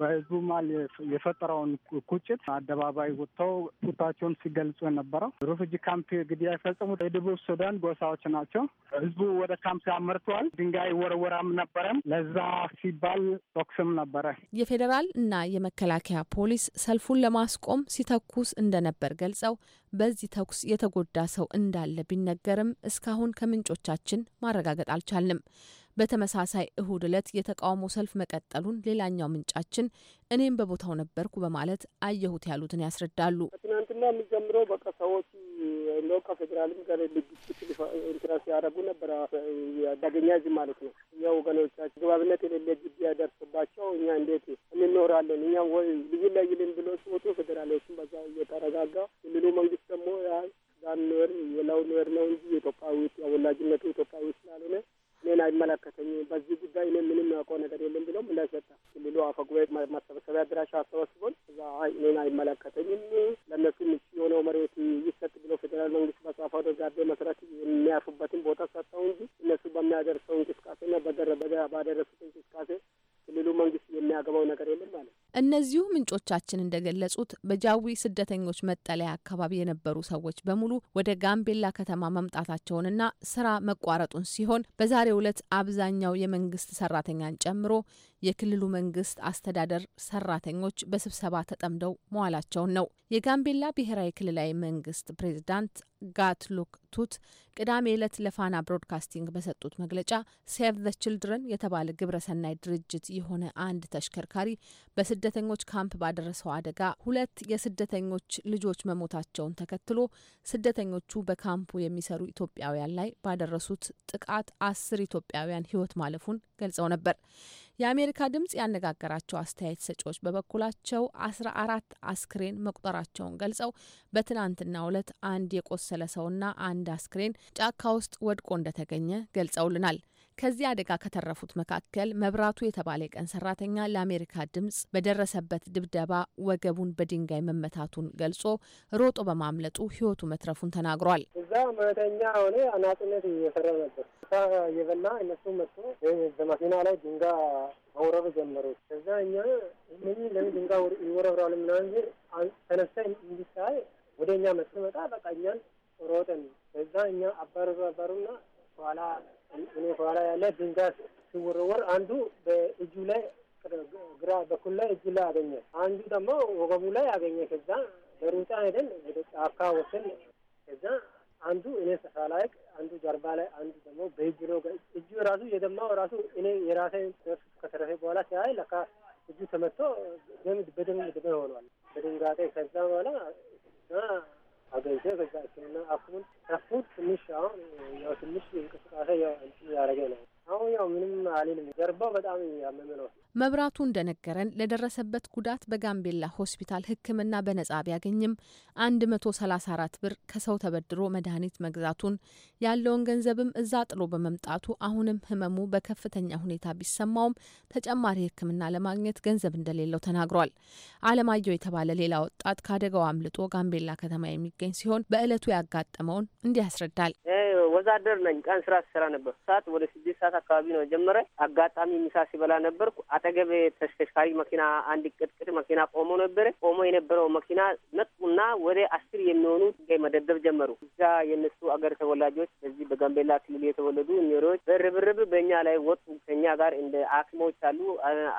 በህዝቡ ማል የፈጠረውን ቁጭት አደባባይ ወጥተው ቁጣቸውን ሲገልጹ የነበረው ሩፍጂ ካምፕ ግድያ የፈጸሙት የደቡብ ሱዳን ጎሳዎች ናቸው። ህዝቡ ወደ ካምፕ አመርተዋል። ድንጋይ ወረወራም ነበረም። ለዛ ሲባል ቦክስም ነበረ። የፌዴራል እና የመከላከያ ፖሊስ ሰልፉን ለማስቆም ሲተኩስ እንደነበር ገልጸው በዚህ ተኩስ የተጎዳ ሰው እንዳለ ቢነገርም እስካሁን ከምንጮቻችን ማረጋገጥ አልቻልንም። በተመሳሳይ እሁድ ዕለት የተቃውሞ ሰልፍ መቀጠሉን ሌላኛው ምንጫችን እኔም በቦታው ነበርኩ በማለት አየሁት ያሉትን ያስረዳሉ። ትናንትና የሚጀምረው በቃ ሰዎች እንደው ከፌዴራልም ጋር ልግጭት እንትና ሲያደርጉ ነበረ። ዳገኛ ህዝብ ማለት ነው። እኛ ወገኖቻችን አግባብነት የሌለ ግድያ ያደርስባቸው እኛ እንዴት እንኖራለን? እኛ ወይ ልዩ ለይልን ብሎ ሲወጡ ፌዴራሎችን በዛ እየተረጋጋ ክልሉ መንግስት ደግሞ ያ ዛን ኖር የላው ኖር ነው እንጂ ኢትዮጵያዊ ወላጅነቱ ኢትዮጵያዊ ስላልሆነ እኔን አይመለከተኝም፣ በዚህ ጉዳይ እኔ ምንም ያውቀው ነገር የለም ብለው ምላሽ ሰጠ። ክልሉ አፈጉባኤ ማሰባሰቢያ አዳራሽ አሰባስቦን እዛ እኔን አይመለከተኝም ለእነሱ ምቹ የሆነው መሬት ይሰጥ ብሎ ፌዴራል መንግስት በጻፈው ደብዳቤ መሰረት የሚያርፉበትን ቦታ ሰጠው እንጂ እነሱ በሚያደርሰው እንቅስቃሴና ባደረሱ እነዚሁ ምንጮቻችን እንደገለጹት በጃዊ ስደተኞች መጠለያ አካባቢ የነበሩ ሰዎች በሙሉ ወደ ጋምቤላ ከተማ መምጣታቸውንና ስራ መቋረጡን ሲሆን በዛሬው ዕለት አብዛኛው የመንግስት ሰራተኛን ጨምሮ የክልሉ መንግስት አስተዳደር ሰራተኞች በስብሰባ ተጠምደው መዋላቸውን ነው። የጋምቤላ ብሔራዊ ክልላዊ መንግስት ፕሬዚዳንት ሉክ ቱት ቅዳሜ ዕለት ለፋና ብሮድካስቲንግ በሰጡት መግለጫ ሴቭ ዘ ችልድረን የተባለ ግብረሰናይ ድርጅት የሆነ አንድ ተሽከርካሪ በስደተኞች ካምፕ ባደረሰው አደጋ ሁለት የስደተኞች ልጆች መሞታቸውን ተከትሎ ስደተኞቹ በካምፑ የሚሰሩ ኢትዮጵያውያን ላይ ባደረሱት ጥቃት አስር ኢትዮጵያውያን ሕይወት ማለፉን ገልጸው ነበር። የአሜሪካ ድምጽ ያነጋገራቸው አስተያየት ሰጪዎች በበኩላቸው አስራ አራት አስክሬን መቁጠራቸውን ገልጸው በትናንትናው ዕለት አንድ የቆሰለ ሰውና አንድ አስክሬን ጫካ ውስጥ ወድቆ እንደተገኘ ገልጸውልናል። ከዚህ አደጋ ከተረፉት መካከል መብራቱ የተባለ የቀን ሰራተኛ ለአሜሪካ ድምጽ በደረሰበት ድብደባ ወገቡን በድንጋይ መመታቱን ገልጾ ሮጦ በማምለጡ ህይወቱ መትረፉን ተናግሯል። እዛ መተኛ ሆነ አናጽነት እየሰራ ነበር። የበላ እነሱ መጥቶ በማኪና ላይ ድንጋይ መውረብ ጀመሩ። ከዛ እኛ ምን ለምን ድንጋይ ይወረብራሉ ምናምን ተነሳ እንዲታይ ወደ እኛ መስመጣ በቃ እኛን ሮጠን ከዛ እኛ አባረሩ አባሩና በኋላ እኔ ከኋላ ያለ ድንጋይ ሲወረወር አንዱ በእጁ ላይ ግራ በኩል ላይ እጁ ላይ አገኘ፣ አንዱ ደግሞ ወገቡ ላይ አገኘ። ከዛ በሩጫ ሄደን ወደ ጫካ ወስን። ከዛ አንዱ እኔ ሳላውቅ አንዱ ጀርባ ላይ አንዱ ደግሞ በእጁ ነው። እጁ ራሱ የደማው ራሱ እኔ የራሴ ነፍስ ከተረፈ በኋላ ሲያይ ለካ እጁ ተመቶ በደም በደም ሆኗል በድንጋጤ ከዛ በኋላ አገኝተህ በዛ ሕክምና አፉን አፉን ትንሽ አሁን ያው ትንሽ እንቅስቃሴ ያው ያደረገ ነው። አሁን ያው ምንም አልልም። ጀርባው በጣም ያመመ ነው። መብራቱ እንደነገረን ለደረሰበት ጉዳት በጋምቤላ ሆስፒታል ሕክምና በነጻ ቢያገኝም 134 ብር ከሰው ተበድሮ መድኃኒት መግዛቱን ያለውን ገንዘብም እዛ ጥሎ በመምጣቱ አሁንም ህመሙ በከፍተኛ ሁኔታ ቢሰማውም ተጨማሪ ሕክምና ለማግኘት ገንዘብ እንደሌለው ተናግሯል። አለማየሁ የተባለ ሌላ ወጣት ከአደጋው አምልጦ ጋምቤላ ከተማ የሚገኝ ሲሆን በእለቱ ያጋጠመውን እንዲህ ያስረዳል። ወዛደር ነኝ። ቀን ስራ ስሰራ ነበር። ሰዓት ወደ ስድስት ሰዓት አካባቢ ነው ጀመረ። አጋጣሚ ምሳ ሲበላ ነበርኩ አጠገብ ተሽከርካሪ መኪና አንድ ቅጥቅጥ መኪና ቆሞ ነበረ። ቆሞ የነበረው መኪና መጡና ወደ አስር የሚሆኑ ድንጋይ መደብደብ ጀመሩ። እዛ የእነሱ አገር ተወላጆች በዚህ በጋምቤላ ክልል የተወለዱ ኒሮች በርብርብ በእኛ ላይ ወጡ። ከኛ ጋር እንደ አክሞች አሉ፣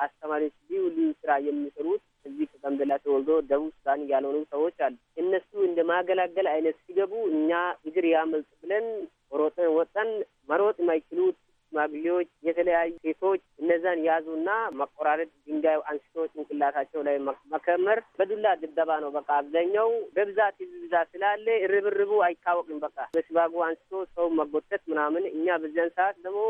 አስተማሪዎች፣ ልዩ ልዩ ስራ የሚሰሩት እዚህ ከጋምቤላ ተወልዶ ደቡብ ሱዳን ያልሆኑ ሰዎች አሉ። እነሱ እንደ ማገላገል አይነት ሲገቡ እኛ እግር ያመልጥ ብለን ሮጠን ወጠን መሮጥ የማይችሉት ሽማግሌዎች፣ የተለያዩ ሴቶች እነዛን ያዙና መቆራረጥ፣ ድንጋይ አንስቶ ጭንቅላታቸው ላይ መከመር፣ በዱላ ድብደባ ነው። በቃ አብዛኛው በብዛት ህዝብ ብዛት ስላለ ርብርቡ አይታወቅም። በቃ በሲባጎ አንስቶ ሰው መጎተት ምናምን። እኛ በዚያን ሰዓት ደግሞ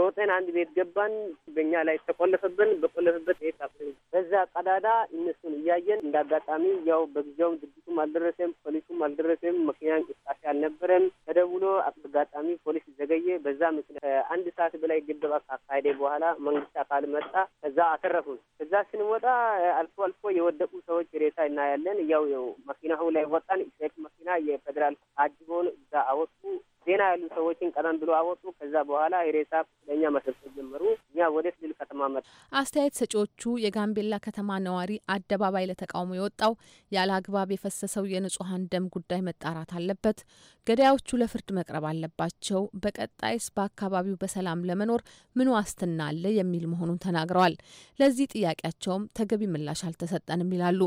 ሮጠን አንድ ቤት ገባን። በኛ ላይ ተቆለፈብን። በቆለፈበት ቤት የታፍን በዛ ቀዳዳ እነሱን እያየን እንደ አጋጣሚ ያው በጊዜውም ድርጅቱም አልደረሰም፣ ፖሊሱም አልደረሰም። መኪና እንቅስቃሴ አልነበረም። ተደውሎ አጋጣሚ ፖሊስ ዘገየ። በዛ ምክንያት አንድ ሰዓት በላይ ግድባ ካካሄደ በኋላ መንግስት አካል መጣ። ከዛ አተረፉን። ከዛ ስንወጣ አልፎ አልፎ የወደቁ ሰዎች ሬሳ እናያለን። ያው ያው መኪናው ላይ ወጣን። ኢሴክ መኪና የፌዴራል አጅቦን እዛ አወጡ። ዜና ያሉ ሰዎችን ቀደም ብሎ አወጡ። ከዛ በኋላ ሬሳ ለእኛ መሰብሰብ ጀመሩ። እኛ ወደ ስልል ከተማ መጡ። አስተያየት ሰጪዎቹ የጋምቤላ ከተማ ነዋሪ አደባባይ ለተቃውሞ የወጣው ያለ አግባብ የፈሰሰው የንጹሀን ደም ጉዳይ መጣራት አለበት፣ ገዳዮቹ ለፍርድ መቅረብ አለባቸው፣ በቀጣይስ በአካባቢው በሰላም ለመኖር ምን ዋስትና አለ የሚል መሆኑን ተናግረዋል። ለዚህ ጥያቄያቸውም ተገቢ ምላሽ አልተሰጠንም ይላሉ።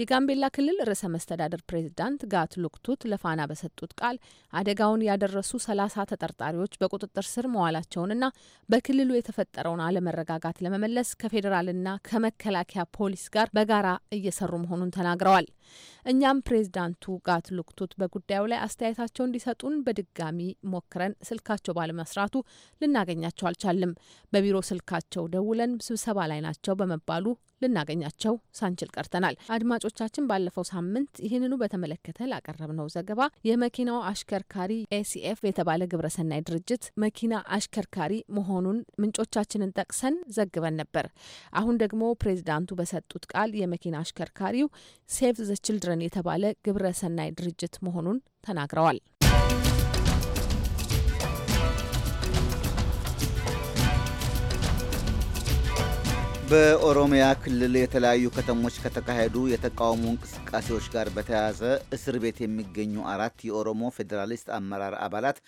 የጋምቤላ ክልል ርዕሰ መስተዳደር ፕሬዚዳንት ጋት ሉክቱት ለፋና በሰጡት ቃል አደጋውን ያደረሱ ሰላሳ ተጠርጣሪዎች በቁጥጥር ስር መዋላቸውንና በክልሉ የተፈጠረውን አለመረጋጋት ለመመለስ ከፌዴራልና ከመከላከያ ፖሊስ ጋር በጋራ እየሰሩ መሆኑን ተናግረዋል። እኛም ፕሬዚዳንቱ ጋት ሉክቱት በጉዳዩ ላይ አስተያየታቸው ስልካቸው እንዲሰጡን በድጋሚ ሞክረን ስልካቸው ባለመስራቱ ልናገኛቸው አልቻልም። በቢሮ ስልካቸው ደውለን ስብሰባ ላይ ናቸው በመባሉ ልናገኛቸው ሳንችል ቀርተናል። አድማጮቻችን ባለፈው ሳምንት ይህንኑ በተመለከተ ላቀረብነው ዘገባ የመኪናው አሽከርካሪ ኤሲኤፍ የተባለ ግብረሰናይ ድርጅት መኪና አሽከርካሪ መሆኑን ምንጮቻችንን ጠቅሰን ዘግበን ነበር። አሁን ደግሞ ፕሬዚዳንቱ በሰጡት ቃል የመኪና አሽከርካሪው ሴቭ ዘ ችልድረን የተባለ ግብረሰናይ ድርጅት መሆኑን ተናግረዋል። በኦሮሚያ ክልል የተለያዩ ከተሞች ከተካሄዱ የተቃውሞ እንቅስቃሴዎች ጋር በተያያዘ እስር ቤት የሚገኙ አራት የኦሮሞ ፌዴራሊስት አመራር አባላት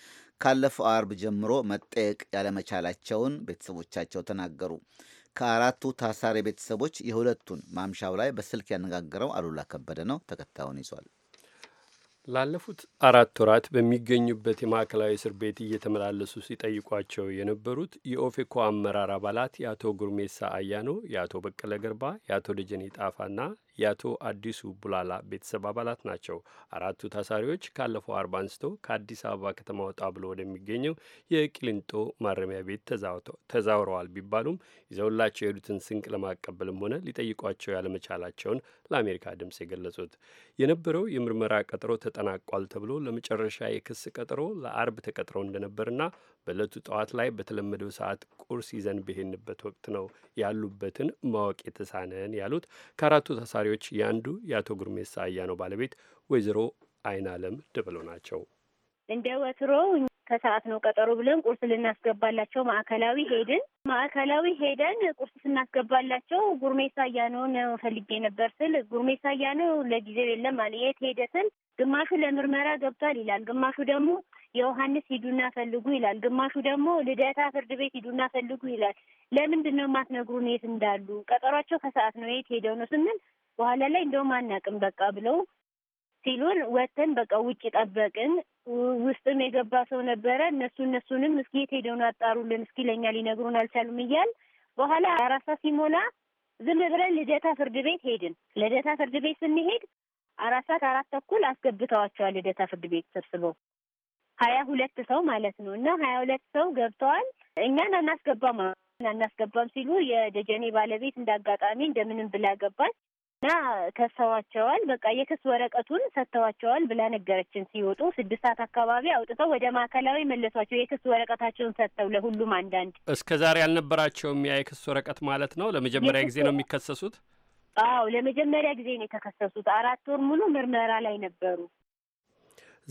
ካለፈው አርብ ጀምሮ መጠየቅ ያለመቻላቸውን ቤተሰቦቻቸው ተናገሩ። ከአራቱ ታሳሪ ቤተሰቦች የሁለቱን ማምሻው ላይ በስልክ ያነጋገረው አሉላ ከበደ ነው። ተከታዩን ይዟል። ላለፉት አራት ወራት በሚገኙበት የማዕከላዊ እስር ቤት እየተመላለሱ ሲጠይቋቸው የነበሩት የኦፌኮ አመራር አባላት የአቶ ጉርሜሳ አያኖ፣ የአቶ በቀለ ገርባ፣ የአቶ ደጀኔ ጣፋና የአቶ አዲሱ ቡላላ ቤተሰብ አባላት ናቸው። አራቱ ታሳሪዎች ካለፈው አርባ አንስቶ ከአዲስ አበባ ከተማ ወጣ ብሎ ወደሚገኘው የቅሊንጦ ማረሚያ ቤት ተዛውረዋል ቢባሉም ይዘውላቸው የሄዱትን ስንቅ ለማቀበልም ሆነ ሊጠይቋቸው ያለመቻላቸውን ለአሜሪካ ድምፅ የገለጹት የነበረው የምርመራ ቀጠሮ ተጠናቋል ተብሎ ለመጨረሻ የክስ ቀጠሮ ለአርብ ተቀጥሮ እንደነበርና በዕለቱ ጠዋት ላይ በተለመደው ሰዓት ቁርስ ይዘን በሄንበት ወቅት ነው ያሉበትን ማወቅ የተሳነን ያሉት ከአራቱ ታሳሪ ተጠርጣሪዎች የአንዱ የአቶ ጉርሜሳ ነው ባለቤት ወይዘሮ አይን አለም ደበሎ ናቸው። እንደ ወትሮው ከሰዓት ነው ቀጠሮ ብለን ቁርስ ልናስገባላቸው ማዕከላዊ ሄድን። ማዕከላዊ ሄደን ቁርስ ስናስገባላቸው ጉርሜሳ አያኖን ፈልጌ ነበር ስል ጉርሜሳ አያኖ ለጊዜው የለም አለ። የት ሄደ ስል ግማሹ ለምርመራ ገብቷል ይላል፣ ግማሹ ደግሞ የዮሐንስ ሂዱና ፈልጉ ይላል፣ ግማሹ ደግሞ ልደታ ፍርድ ቤት ሂዱና ፈልጉ ይላል። ለምንድን ነው የማትነግሩን የት እንዳሉ? ቀጠሯቸው ከሰዓት ነው የት ሄደው ነው ስንል በኋላ ላይ እንደውም አናቅም በቃ ብለው ሲሉን ወተን በቃ ውጭ ጠበቅን። ውስጥም የገባ ሰው ነበረ። እነሱ እነሱንም እስኪ የት ሄደውን አጣሩልን እስኪ ለኛ ሊነግሩን አልቻሉም እያል በኋላ አራሳ ሲሞላ ዝም ብለን ልደታ ፍርድ ቤት ሄድን። ልደታ ፍርድ ቤት ስንሄድ አራት ሰዓት አራት ተኩል አስገብተዋቸዋል። ልደታ ፍርድ ቤት ሰብስበው ሀያ ሁለት ሰው ማለት ነው እና ሀያ ሁለት ሰው ገብተዋል። እኛን አናስገባም አናስገባም ሲሉ የደጀኔ ባለቤት እንዳጋጣሚ እንደምንም ብላ ገባች። እና ከሰዋቸዋል። በቃ የክስ ወረቀቱን ሰጥተዋቸዋል ብላ ነገረችን። ሲወጡ ስድስት ሰዓት አካባቢ አውጥተው ወደ ማዕከላዊ መለሷቸው። የክስ ወረቀታቸውን ሰጥተው ለሁሉም አንዳንድ። እስከ ዛሬ አልነበራቸውም ያ የክስ ወረቀት ማለት ነው። ለመጀመሪያ ጊዜ ነው የሚከሰሱት? አዎ ለመጀመሪያ ጊዜ ነው የተከሰሱት። አራት ወር ሙሉ ምርመራ ላይ ነበሩ።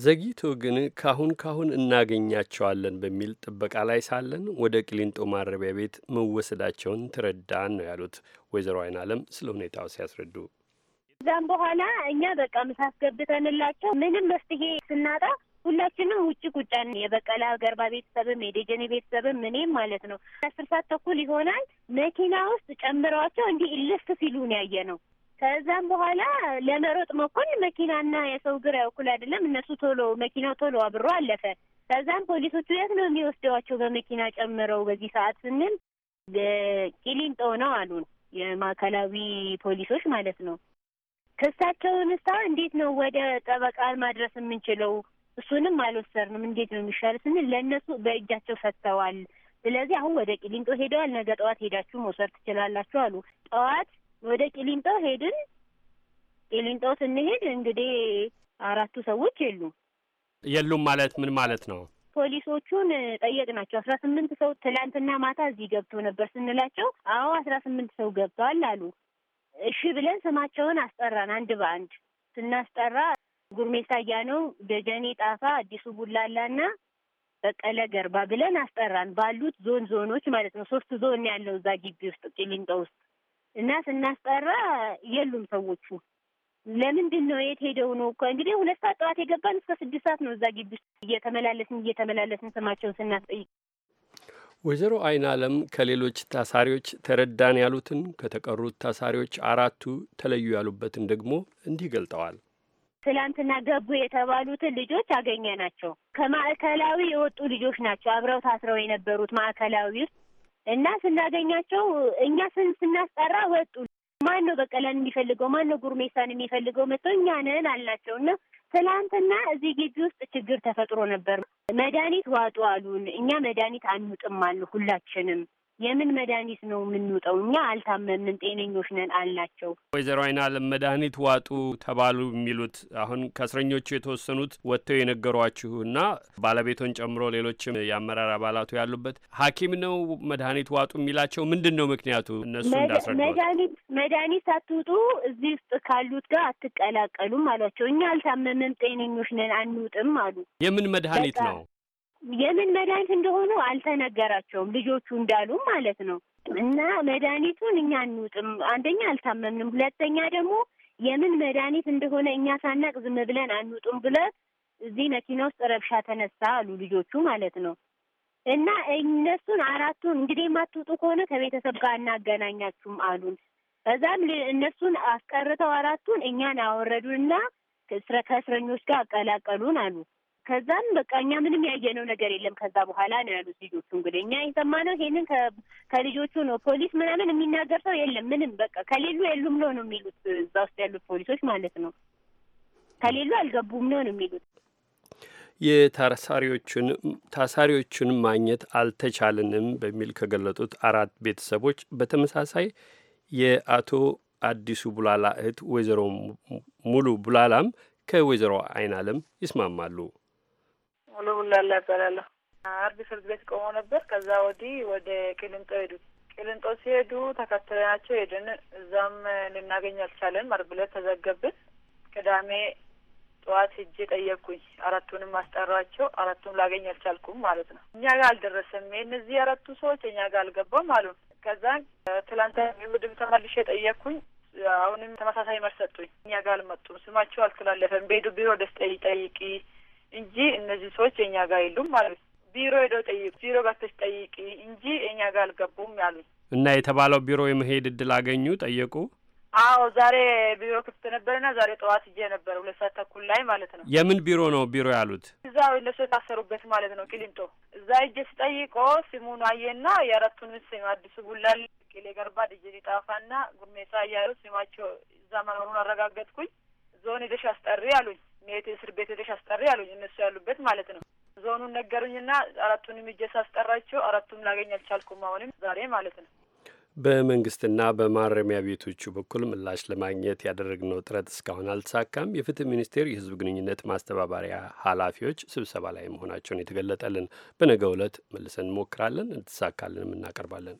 ዘግይቶ ግን ካሁን ካሁን እናገኛቸዋለን በሚል ጥበቃ ላይ ሳለን ወደ ቅሊንጦ ማረቢያ ቤት መወሰዳቸውን ትረዳን ነው ያሉት ወይዘሮ አይን አለም ስለ ሁኔታው ሲያስረዱ። ከዛም በኋላ እኛ በቃ ምሳ አስገብተንላቸው ምንም መፍትሄ ስናጣ ሁላችንም ውጭ ቁጫን የበቀላ ገርባ ቤተሰብም የደጀኔ ቤተሰብም እኔም ማለት ነው አስር ሰዓት ተኩል ይሆናል መኪና ውስጥ ጨምረዋቸው እንዲህ ልስ ሲሉን ያየ ነው። ከዛም በኋላ ለመሮጥ መኮን መኪናና የሰው እግር እኩል አይደለም። እነሱ ቶሎ መኪናው ቶሎ አብሮ አለፈ። ከዛም ፖሊሶቹ የት ነው የሚወስደዋቸው በመኪና ጨምረው በዚህ ሰዓት ስንል ቂሊንጦ ነው አሉን፣ የማዕከላዊ ፖሊሶች ማለት ነው። ክሳቸውን እስታ እንዴት ነው ወደ ጠበቃ ማድረስ የምንችለው? እሱንም አልወሰርንም። እንዴት ነው የሚሻል ስንል ለእነሱ በእጃቸው ሰጥተዋል። ስለዚህ አሁን ወደ ቂሊንጦ ሄደዋል። ነገ ጠዋት ሄዳችሁ መውሰድ ትችላላችሁ አሉ። ጠዋት ወደ ቂሊንጦ ሄድን። ቂሊንጦ ስንሄድ እንግዲህ አራቱ ሰዎች የሉ የሉም ማለት ምን ማለት ነው? ፖሊሶቹን ጠየቅናቸው። አስራ ስምንት ሰው ትላንትና ማታ እዚህ ገብቶ ነበር ስንላቸው፣ አዎ አስራ ስምንት ሰው ገብቷል አሉ። እሺ ብለን ስማቸውን አስጠራን። አንድ በአንድ ስናስጠራ ጉርሜሳ አያነው፣ ደጀኔ ጣፋ፣ አዲሱ ቡላላና በቀለ ገርባ ብለን አስጠራን። ባሉት ዞን ዞኖች ማለት ነው። ሶስት ዞን ያለው እዛ ግቢ ውስጥ ቂሊንጦ ውስጥ እና ስናስጠራ የሉም ሰዎቹ። ለምንድን ነው የት ሄደው ነው? እንግዲህ ሁለት ሰዓት ጠዋት የገባን እስከ ስድስት ሰዓት ነው እዛ ግቢ እየተመላለስን እየተመላለስን ስማቸውን ስናስጠይቅ ወይዘሮ አይን አለም ከሌሎች ታሳሪዎች ተረዳን ያሉትን ከተቀሩት ታሳሪዎች አራቱ ተለዩ ያሉበትን ደግሞ እንዲህ ገልጠዋል። ትላንትና ገቡ የተባሉትን ልጆች አገኘ ናቸው። ከማዕከላዊ የወጡ ልጆች ናቸው። አብረው ታስረው የነበሩት ማዕከላዊ ውስጥ እና ስናገኛቸው እኛ ስን ስናስጠራ ወጡ። ማን ነው በቀለን የሚፈልገው? ማን ነው ጉርሜሳን የሚፈልገው? መጥቶ እኛ ነን አልናቸው እና ትላንትና እዚህ ግቢ ውስጥ ችግር ተፈጥሮ ነበር። መድኃኒት ዋጡ አሉን። እኛ መድኃኒት አንውጥም አሉ ሁላችንም የምን መድኃኒት ነው የምንውጠው? እኛ አልታመምን፣ ጤነኞች ነን አልናቸው። ወይዘሮ አይናለም መድኃኒት ዋጡ ተባሉ የሚሉት አሁን ከእስረኞቹ የተወሰኑት ወጥተው እና ባለቤቶን ጨምሮ ሌሎችም የአመራር አባላቱ ያሉበት ሐኪም ነው መድኃኒት ዋጡ የሚላቸው ምንድን ነው ምክንያቱ? እነሱ እንዳስረዱ መድኃኒት መድኃኒት አትውጡ፣ እዚህ ውስጥ ካሉት ጋር አትቀላቀሉም አሏቸው። እኛ አልታመምም፣ ጤነኞች ነን አንውጥም አሉ። የምን መድኃኒት ነው የምን መድኃኒት እንደሆኑ አልተነገራቸውም ልጆቹ እንዳሉ ማለት ነው። እና መድኃኒቱን እኛ እንውጥም አንደኛ አልታመምንም፣ ሁለተኛ ደግሞ የምን መድኃኒት እንደሆነ እኛ ሳናቅ ዝም ብለን አንውጡም ብለን እዚህ መኪና ውስጥ ረብሻ ተነሳ አሉ ልጆቹ ማለት ነው። እና እነሱን አራቱን እንግዲህ የማትውጡ ከሆነ ከቤተሰብ ጋር እናገናኛችሁም አሉን። ከዛም እነሱን አስቀርተው አራቱን እኛን አወረዱንና ከእስረኞች ጋር አቀላቀሉን አሉ። ከዛም በቃ እኛ ምንም ያየነው ነገር የለም ከዛ በኋላ ነው ያሉት ልጆቹ። እንግዲህ እኛ የሰማነው ይሄንን ከልጆቹ ነው። ፖሊስ ምናምን የሚናገር ሰው የለም። ምንም በቃ ከሌሉ የሉም ነው ነው የሚሉት እዛ ውስጥ ያሉት ፖሊሶች ማለት ነው። ከሌሉ አልገቡም ነው ነው የሚሉት። የታሳሪዎቹን ታሳሪዎቹን ማግኘት አልተቻልንም በሚል ከገለጡት አራት ቤተሰቦች በተመሳሳይ የአቶ አዲሱ ቡላላ እህት ወይዘሮ ሙሉ ቡላላም ከወይዘሮ አይን አለም ይስማማሉ። ሙሉ ቡላላ እባላለሁ። አርቢ ፍርድ ቤት ቆሞ ነበር። ከዛ ወዲህ ወደ ቅልንጦ ሄዱ። ቅልንጦ ሲሄዱ ተከትለናቸው ሄድን። እዛም ልናገኝ አልቻለን። ዓርብ ዕለት ተዘገብን። ቅዳሜ ጠዋት ሂጄ ጠየቅኩኝ። አራቱንም አስጠሯቸው። አራቱም ላገኝ አልቻልኩም ማለት ነው። እኛ ጋር አልደረሰም። እነዚህ አራቱ ሰዎች እኛ ጋር አልገባም አሉ። ከዛ ትላንተ ምድብ ተመልሼ ጠየቅኩኝ። አሁንም ተመሳሳይ መርሰጡኝ። እኛ ጋር አልመጡም፣ ስማቸው አልተላለፈም። በሄዱ ቢሮ ደስ ጠይቂ እንጂ እነዚህ ሰዎች የእኛ ጋር የሉም ማለት ቢሮ ሄዶ ጠይቅ፣ ቢሮ ጋር ጠይቂ እንጂ የእኛ ጋር አልገቡም ያሉኝ እና የተባለው ቢሮ የመሄድ እድል አገኙ ጠየቁ። አዎ ዛሬ ቢሮ ክፍት ነበርና ዛሬ ጠዋት እጄ ነበር ሁለት ሰዓት ተኩል ላይ ማለት ነው። የምን ቢሮ ነው ቢሮ ያሉት? እዛ እነሱ የታሰሩበት ማለት ነው ቂሊንጦ። እዛ እጄ ስጠይቆ ስሙን አየና የአራቱን ስም አዲሱ ቡላል፣ ቄሌ ገርባ፣ ደጀኔ ጣፋና ጉርሜሳ እያሉ ስማቸው እዛ መኖሩን አረጋገጥኩኝ። ዞን ሄደሽ አስጠሪ አሉኝ። መሄድ እስር ቤት ሄደሽ አስጠሪ አሉኝ። እነሱ ያሉበት ማለት ነው። ዞኑን ነገሩኝና አራቱንም እጄ ሳስጠራቸው አራቱም ላገኝ አልቻልኩም። አሁንም ዛሬ ማለት ነው በመንግስትና በማረሚያ ቤቶቹ በኩል ምላሽ ለማግኘት ያደረግነው ጥረት እስካሁን አልተሳካም። የፍትህ ሚኒስቴር የህዝብ ግንኙነት ማስተባበሪያ ኃላፊዎች ስብሰባ ላይ መሆናቸውን የተገለጠልን። በነገው ዕለት መልሰን እንሞክራለን። እንድትሳካልንም እናቀርባለን።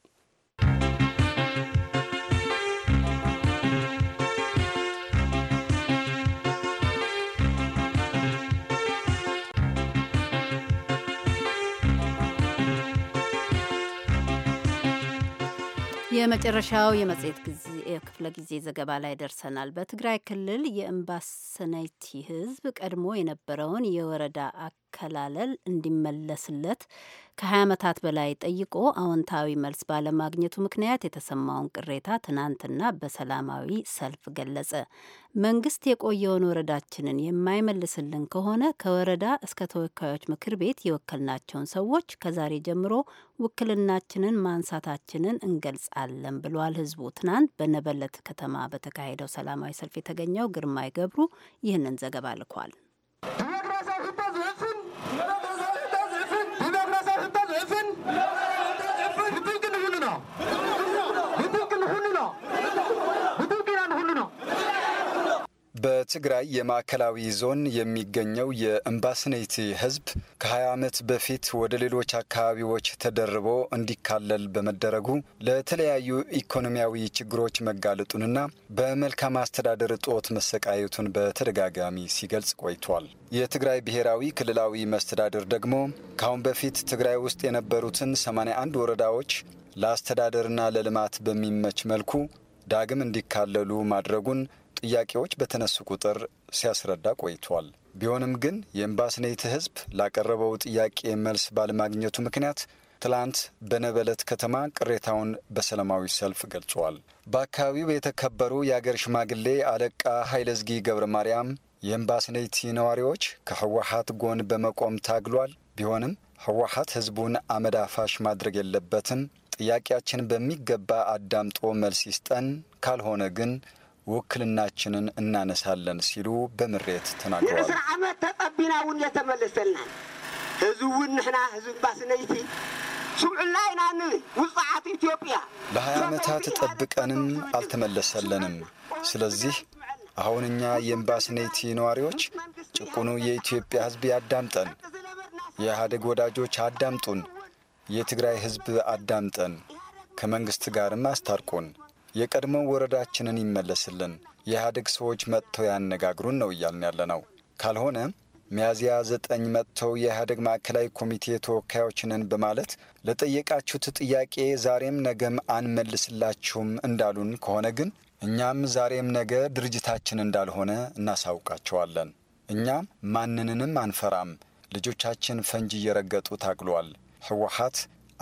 የመጨረሻው የመጽሔት ክፍለ ጊዜ ዘገባ ላይ ደርሰናል። በትግራይ ክልል የእምባሰናይቲ ሕዝብ ቀድሞ የነበረውን የወረዳ መከላለል እንዲመለስለት ከ20 ዓመታት በላይ ጠይቆ አዎንታዊ መልስ ባለማግኘቱ ምክንያት የተሰማውን ቅሬታ ትናንትና በሰላማዊ ሰልፍ ገለጸ። መንግስት የቆየውን ወረዳችንን የማይመልስልን ከሆነ ከወረዳ እስከ ተወካዮች ምክር ቤት የወከልናቸውን ሰዎች ከዛሬ ጀምሮ ውክልናችንን ማንሳታችንን እንገልጻለን ብሏል። ህዝቡ ትናንት በነበለት ከተማ በተካሄደው ሰላማዊ ሰልፍ የተገኘው ግርማይ ገብሩ ይህንን ዘገባ ልኳል። በትግራይ የማዕከላዊ ዞን የሚገኘው የእምባስኔቲ ህዝብ ከ20 ዓመት በፊት ወደ ሌሎች አካባቢዎች ተደርቦ እንዲካለል በመደረጉ ለተለያዩ ኢኮኖሚያዊ ችግሮች መጋለጡንና በመልካም አስተዳደር እጦት መሰቃየቱን በተደጋጋሚ ሲገልጽ ቆይቷል። የትግራይ ብሔራዊ ክልላዊ መስተዳድር ደግሞ ከአሁን በፊት ትግራይ ውስጥ የነበሩትን 81 ወረዳዎች ለአስተዳደርና ለልማት በሚመች መልኩ ዳግም እንዲካለሉ ማድረጉን ጥያቄዎች በተነሱ ቁጥር ሲያስረዳ ቆይቷል። ቢሆንም ግን የእምባስኔይት ህዝብ ላቀረበው ጥያቄ መልስ ባለማግኘቱ ምክንያት ትላንት በነበለት ከተማ ቅሬታውን በሰላማዊ ሰልፍ ገልጿል። በአካባቢው የተከበሩ የአገር ሽማግሌ አለቃ ኃይለዝጊ ገብረ ማርያም የእምባስኔይት ነዋሪዎች ከህወሀት ጎን በመቆም ታግሏል። ቢሆንም ህወሀት ህዝቡን አመዳፋሽ ማድረግ የለበትም፣ ጥያቄያችን በሚገባ አዳምጦ መልስ ይስጠን፣ ካልሆነ ግን ውክልናችንን እናነሳለን ሲሉ በምሬት ተናግረዋል። የእስር ዓመት ተጸቢና እውን የተመለሰልና ንሕና ህዝብ ባስነይቲ ኢትዮጵያ ለሀያ ዓመታት ጠብቀንም አልተመለሰለንም። ስለዚህ አሁን እኛ ነዋሪዎች ጭቁኑ የኢትዮጵያ ህዝብ ያዳምጠን፣ የኢህአዴግ ወዳጆች አዳምጡን፣ የትግራይ ህዝብ አዳምጠን፣ ከመንግሥት ጋርም አስታርቁን የቀድሞ ወረዳችንን ይመለስልን፣ የኢህአዴግ ሰዎች መጥተው ያነጋግሩን ነው እያልን ያለ ነው። ካልሆነ ሚያዝያ ዘጠኝ መጥተው የኢህአዴግ ማዕከላዊ ኮሚቴ ተወካዮችንን በማለት ለጠየቃችሁት ጥያቄ ዛሬም ነገም አንመልስላችሁም እንዳሉን ከሆነ ግን እኛም ዛሬም ነገ ድርጅታችን እንዳልሆነ እናሳውቃቸዋለን። እኛ ማንንንም አንፈራም። ልጆቻችን ፈንጂ እየረገጡ ታግሏል። ህወሓት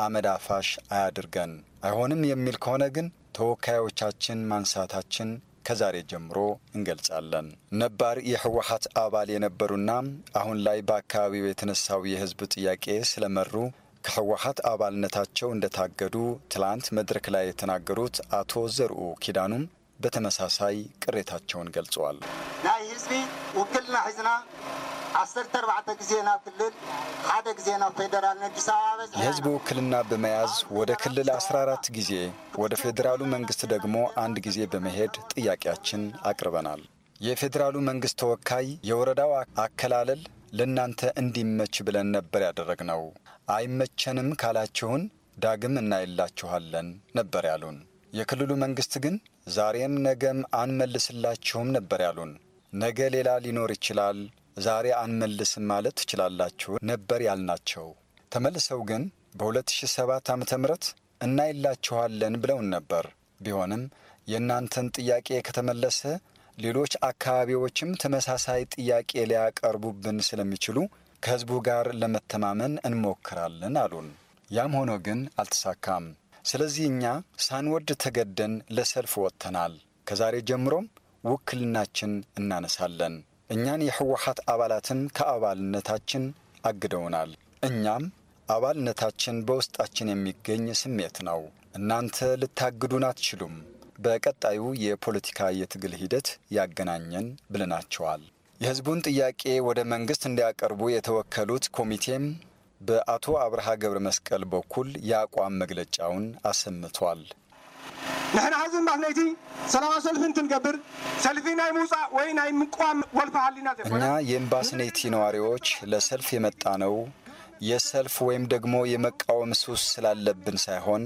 አመድ አፋሽ አያድርገን። አይሆንም የሚል ከሆነ ግን ተወካዮቻችን ማንሳታችን ከዛሬ ጀምሮ እንገልጻለን። ነባር የህወሀት አባል የነበሩና አሁን ላይ በአካባቢው የተነሳው የህዝብ ጥያቄ ስለመሩ ከህወሀት አባልነታቸው እንደታገዱ ትላንት መድረክ ላይ የተናገሩት አቶ ዘርኡ ኪዳኑም በተመሳሳይ ቅሬታቸውን ገልጸዋል። ናይ ህዝቢ ውክልና ሒዝና ዓሰርተ ኣርባዕተ ክልል ሓደ ፌደራል ውክልና በመያዝ ወደ ክልል 14 ጊዜ ወደ ፌዴራሉ መንግስት ደግሞ አንድ ጊዜ በመሄድ ጥያቄያችን አቅርበናል። የፌዴራሉ መንግስት ተወካይ የወረዳው አከላለል ለእናንተ እንዲመች ብለን ነበር ያደረግነው፣ አይመቸንም ካላችሁን ዳግም እናይላችኋለን ነበር ያሉን። የክልሉ መንግስት ግን ዛሬም ነገም አንመልስላችሁም ነበር ያሉን። ነገ ሌላ ሊኖር ይችላል ዛሬ አንመልስም ማለት ትችላላችሁ ነበር ያልናቸው። ተመልሰው ግን በ2007 ዓ ም እናይላችኋለን ብለውን ነበር። ቢሆንም የእናንተን ጥያቄ ከተመለሰ ሌሎች አካባቢዎችም ተመሳሳይ ጥያቄ ሊያቀርቡብን ስለሚችሉ ከሕዝቡ ጋር ለመተማመን እንሞክራለን አሉን። ያም ሆኖ ግን አልተሳካም። ስለዚህ እኛ ሳንወድ ተገደን ለሰልፍ ወጥተናል። ከዛሬ ጀምሮም ውክልናችን እናነሳለን። እኛን የህወሓት አባላትን ከአባልነታችን አግደውናል። እኛም አባልነታችን በውስጣችን የሚገኝ ስሜት ነው። እናንተ ልታግዱን አትችሉም። በቀጣዩ የፖለቲካ የትግል ሂደት ያገናኘን ብለናቸዋል። የህዝቡን ጥያቄ ወደ መንግስት እንዲያቀርቡ የተወከሉት ኮሚቴም በአቶ አብርሃ ገብረ መስቀል በኩል የአቋም መግለጫውን አሰምቷል። ንሕና ህዝቢ ማትነይቲ ሰላማዊ ሰልፊ እንትንገብር ሰልፊ ናይ ምውፃእ ወይ ናይ ምቋም ወልፈ ሃሊና እኛ የኤምባሲ ነይቲ ነዋሪዎች ለሰልፍ የመጣ ነው የሰልፍ ወይም ደግሞ የመቃወም ሱስ ስላለብን ሳይሆን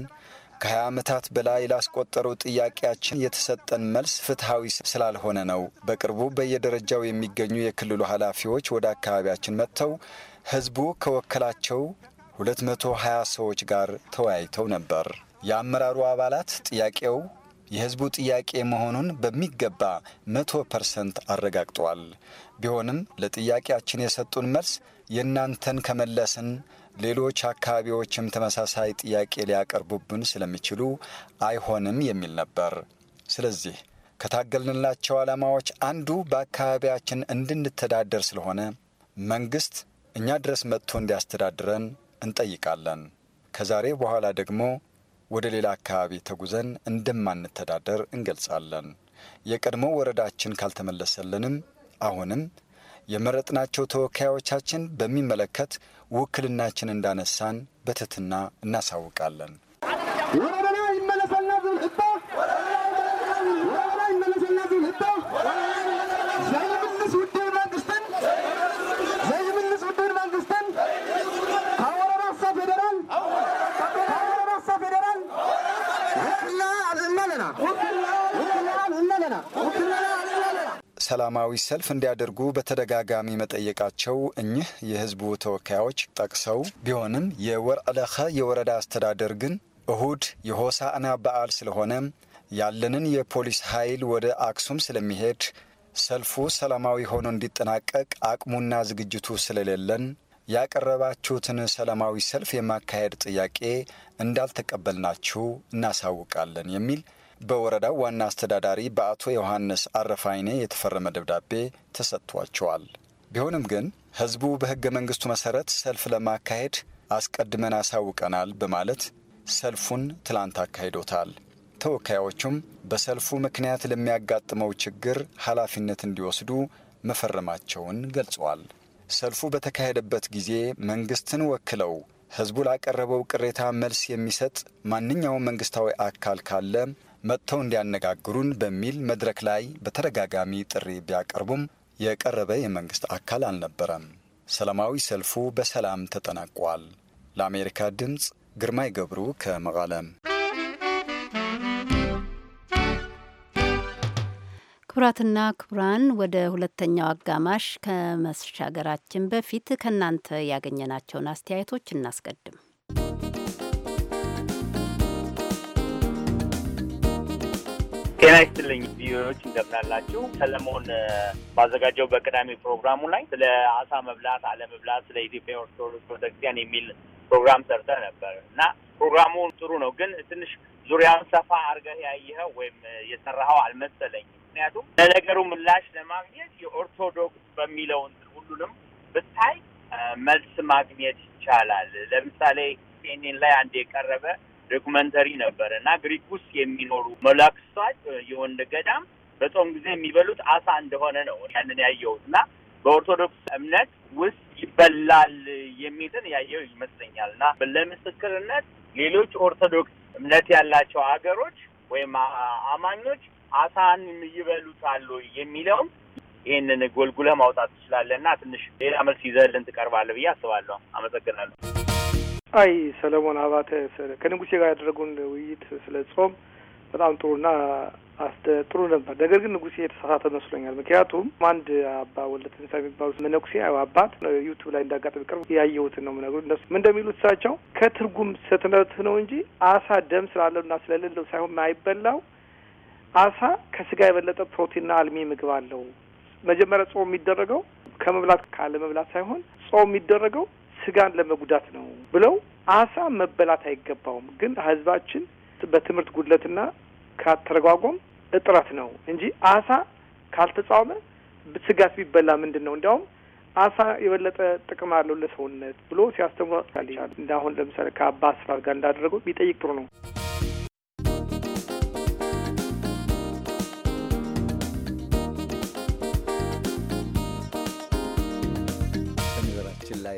ከ20 ዓመታት በላይ ላስቆጠሩ ጥያቄያችን የተሰጠን መልስ ፍትሐዊ ስላልሆነ ነው። በቅርቡ በየደረጃው የሚገኙ የክልሉ ኃላፊዎች ወደ አካባቢያችን መጥተው ህዝቡ ከወከላቸው 220 ሰዎች ጋር ተወያይተው ነበር። የአመራሩ አባላት ጥያቄው የህዝቡ ጥያቄ መሆኑን በሚገባ መቶ ፐርሰንት አረጋግጠዋል። ቢሆንም ለጥያቄያችን የሰጡን መልስ የእናንተን ከመለስን ሌሎች አካባቢዎችም ተመሳሳይ ጥያቄ ሊያቀርቡብን ስለሚችሉ አይሆንም የሚል ነበር። ስለዚህ ከታገልንላቸው ዓላማዎች አንዱ በአካባቢያችን እንድንተዳደር ስለሆነ መንግሥት እኛ ድረስ መጥቶ እንዲያስተዳድረን እንጠይቃለን። ከዛሬ በኋላ ደግሞ ወደ ሌላ አካባቢ ተጉዘን እንደማንተዳደር እንገልጻለን። የቀድሞ ወረዳችን ካልተመለሰልንም አሁንም የመረጥናቸው ተወካዮቻችን በሚመለከት ውክልናችን እንዳነሳን በትህትና እናሳውቃለን። ሰላማዊ ሰልፍ እንዲያደርጉ በተደጋጋሚ መጠየቃቸው እኚህ የህዝቡ ተወካዮች ጠቅሰው ቢሆንም የወርዕለኸ የወረዳ አስተዳደር ግን እሁድ የሆሳዕና በዓል ስለሆነ ያለንን የፖሊስ ኃይል ወደ አክሱም ስለሚሄድ ሰልፉ ሰላማዊ ሆኖ እንዲጠናቀቅ አቅሙና ዝግጅቱ ስለሌለን ያቀረባችሁትን ሰላማዊ ሰልፍ የማካሄድ ጥያቄ እንዳልተቀበልናችሁ እናሳውቃለን የሚል በወረዳው ዋና አስተዳዳሪ በአቶ ዮሐንስ አረፋይኔ የተፈረመ ደብዳቤ ተሰጥቷቸዋል። ቢሆንም ግን ህዝቡ በህገ መንግስቱ መሰረት ሰልፍ ለማካሄድ አስቀድመን አሳውቀናል በማለት ሰልፉን ትላንት አካሂዶታል። ተወካዮቹም በሰልፉ ምክንያት ለሚያጋጥመው ችግር ኃላፊነት እንዲወስዱ መፈረማቸውን ገልጸዋል። ሰልፉ በተካሄደበት ጊዜ መንግስትን ወክለው ህዝቡ ላቀረበው ቅሬታ መልስ የሚሰጥ ማንኛውም መንግስታዊ አካል ካለ መጥተው እንዲያነጋግሩን በሚል መድረክ ላይ በተደጋጋሚ ጥሪ ቢያቀርቡም የቀረበ የመንግስት አካል አልነበረም። ሰላማዊ ሰልፉ በሰላም ተጠናቋል። ለአሜሪካ ድምፅ ግርማይ ገብሩ ከመቐለም። ክቡራትና ክቡራን ወደ ሁለተኛው አጋማሽ ከመሻገራችን በፊት ከእናንተ ያገኘናቸውን አስተያየቶች እናስቀድም። ጤና ይስጥልኝ ቪዲዮዎች እንደምናላችሁ። ሰለሞን ባዘጋጀው በቅዳሜ ፕሮግራሙ ላይ ስለ አሳ መብላት አለመብላት፣ ስለ ኢትዮጵያ ኦርቶዶክስ ቤተክርስቲያን የሚል ፕሮግራም ሰርተ ነበር እና ፕሮግራሙ ጥሩ ነው፣ ግን ትንሽ ዙሪያውን ሰፋ አድርገህ ያየኸው ወይም የሰራኸው አልመሰለኝም። ምክንያቱም ለነገሩ ምላሽ ለማግኘት የኦርቶዶክስ በሚለውን ሁሉንም ብታይ መልስ ማግኘት ይቻላል። ለምሳሌ ኔን ላይ አንድ የቀረበ ዶክመንተሪ ነበር እና ግሪክ ውስጥ የሚኖሩ መላክሳት የወንድ ገዳም በጾም ጊዜ የሚበሉት አሳ እንደሆነ ነው ያንን ያየሁት እና በኦርቶዶክስ እምነት ውስጥ ይበላል የሚልን ያየው ይመስለኛል እና ለምስክርነት ሌሎች ኦርቶዶክስ እምነት ያላቸው ሀገሮች ወይም አማኞች አሳን ይበሉታሉ የሚለውም ይህንን ጎልጉለ ማውጣት ትችላለህ እና ትንሽ ሌላ መልስ ይዘህልን ትቀርባለህ ብዬ አስባለሁ። አመሰግናለሁ። አይ ሰለሞን አባተ ከንጉሴ ጋር ያደረጉን ውይይት ስለ ጾም በጣም ጥሩና አስደ ጥሩ ነበር። ነገር ግን ንጉሴ የተሳሳተ መስሎኛል። ምክንያቱም አንድ አባ ወልደ ትንሣኤ የሚባሉ መነኩሴ አባት ዩቱብ ላይ እንዳጋጠሚ ቅርብ ያየሁትን ነው የምነግሩት። እነሱ ምን እንደሚሉት እሳቸው ከትርጉም ስህተት ነው እንጂ አሳ ደም ስላለውና ስለሌለው ሳይሆን የማይበላው አሳ ከስጋ የበለጠ ፕሮቲንና አልሚ ምግብ አለው። መጀመሪያ ጾም የሚደረገው ከመብላት ካለመብላት ሳይሆን ጾም የሚደረገው ስጋን ለመጉዳት ነው ብለው አሳ መበላት አይገባውም። ግን ህዝባችን በትምህርት ጉድለትና ካተረጓጎም እጥረት ነው እንጂ አሳ ካልተጻወመ ስጋት ቢበላ ምንድን ነው? እንዲያውም አሳ የበለጠ ጥቅም አለው ለሰውነት ብሎ ሲያስተምሩ እንደ አሁን ለምሳሌ ከአባ ስራት ጋር እንዳደረገው ቢጠይቅ ጥሩ ነው። ላይ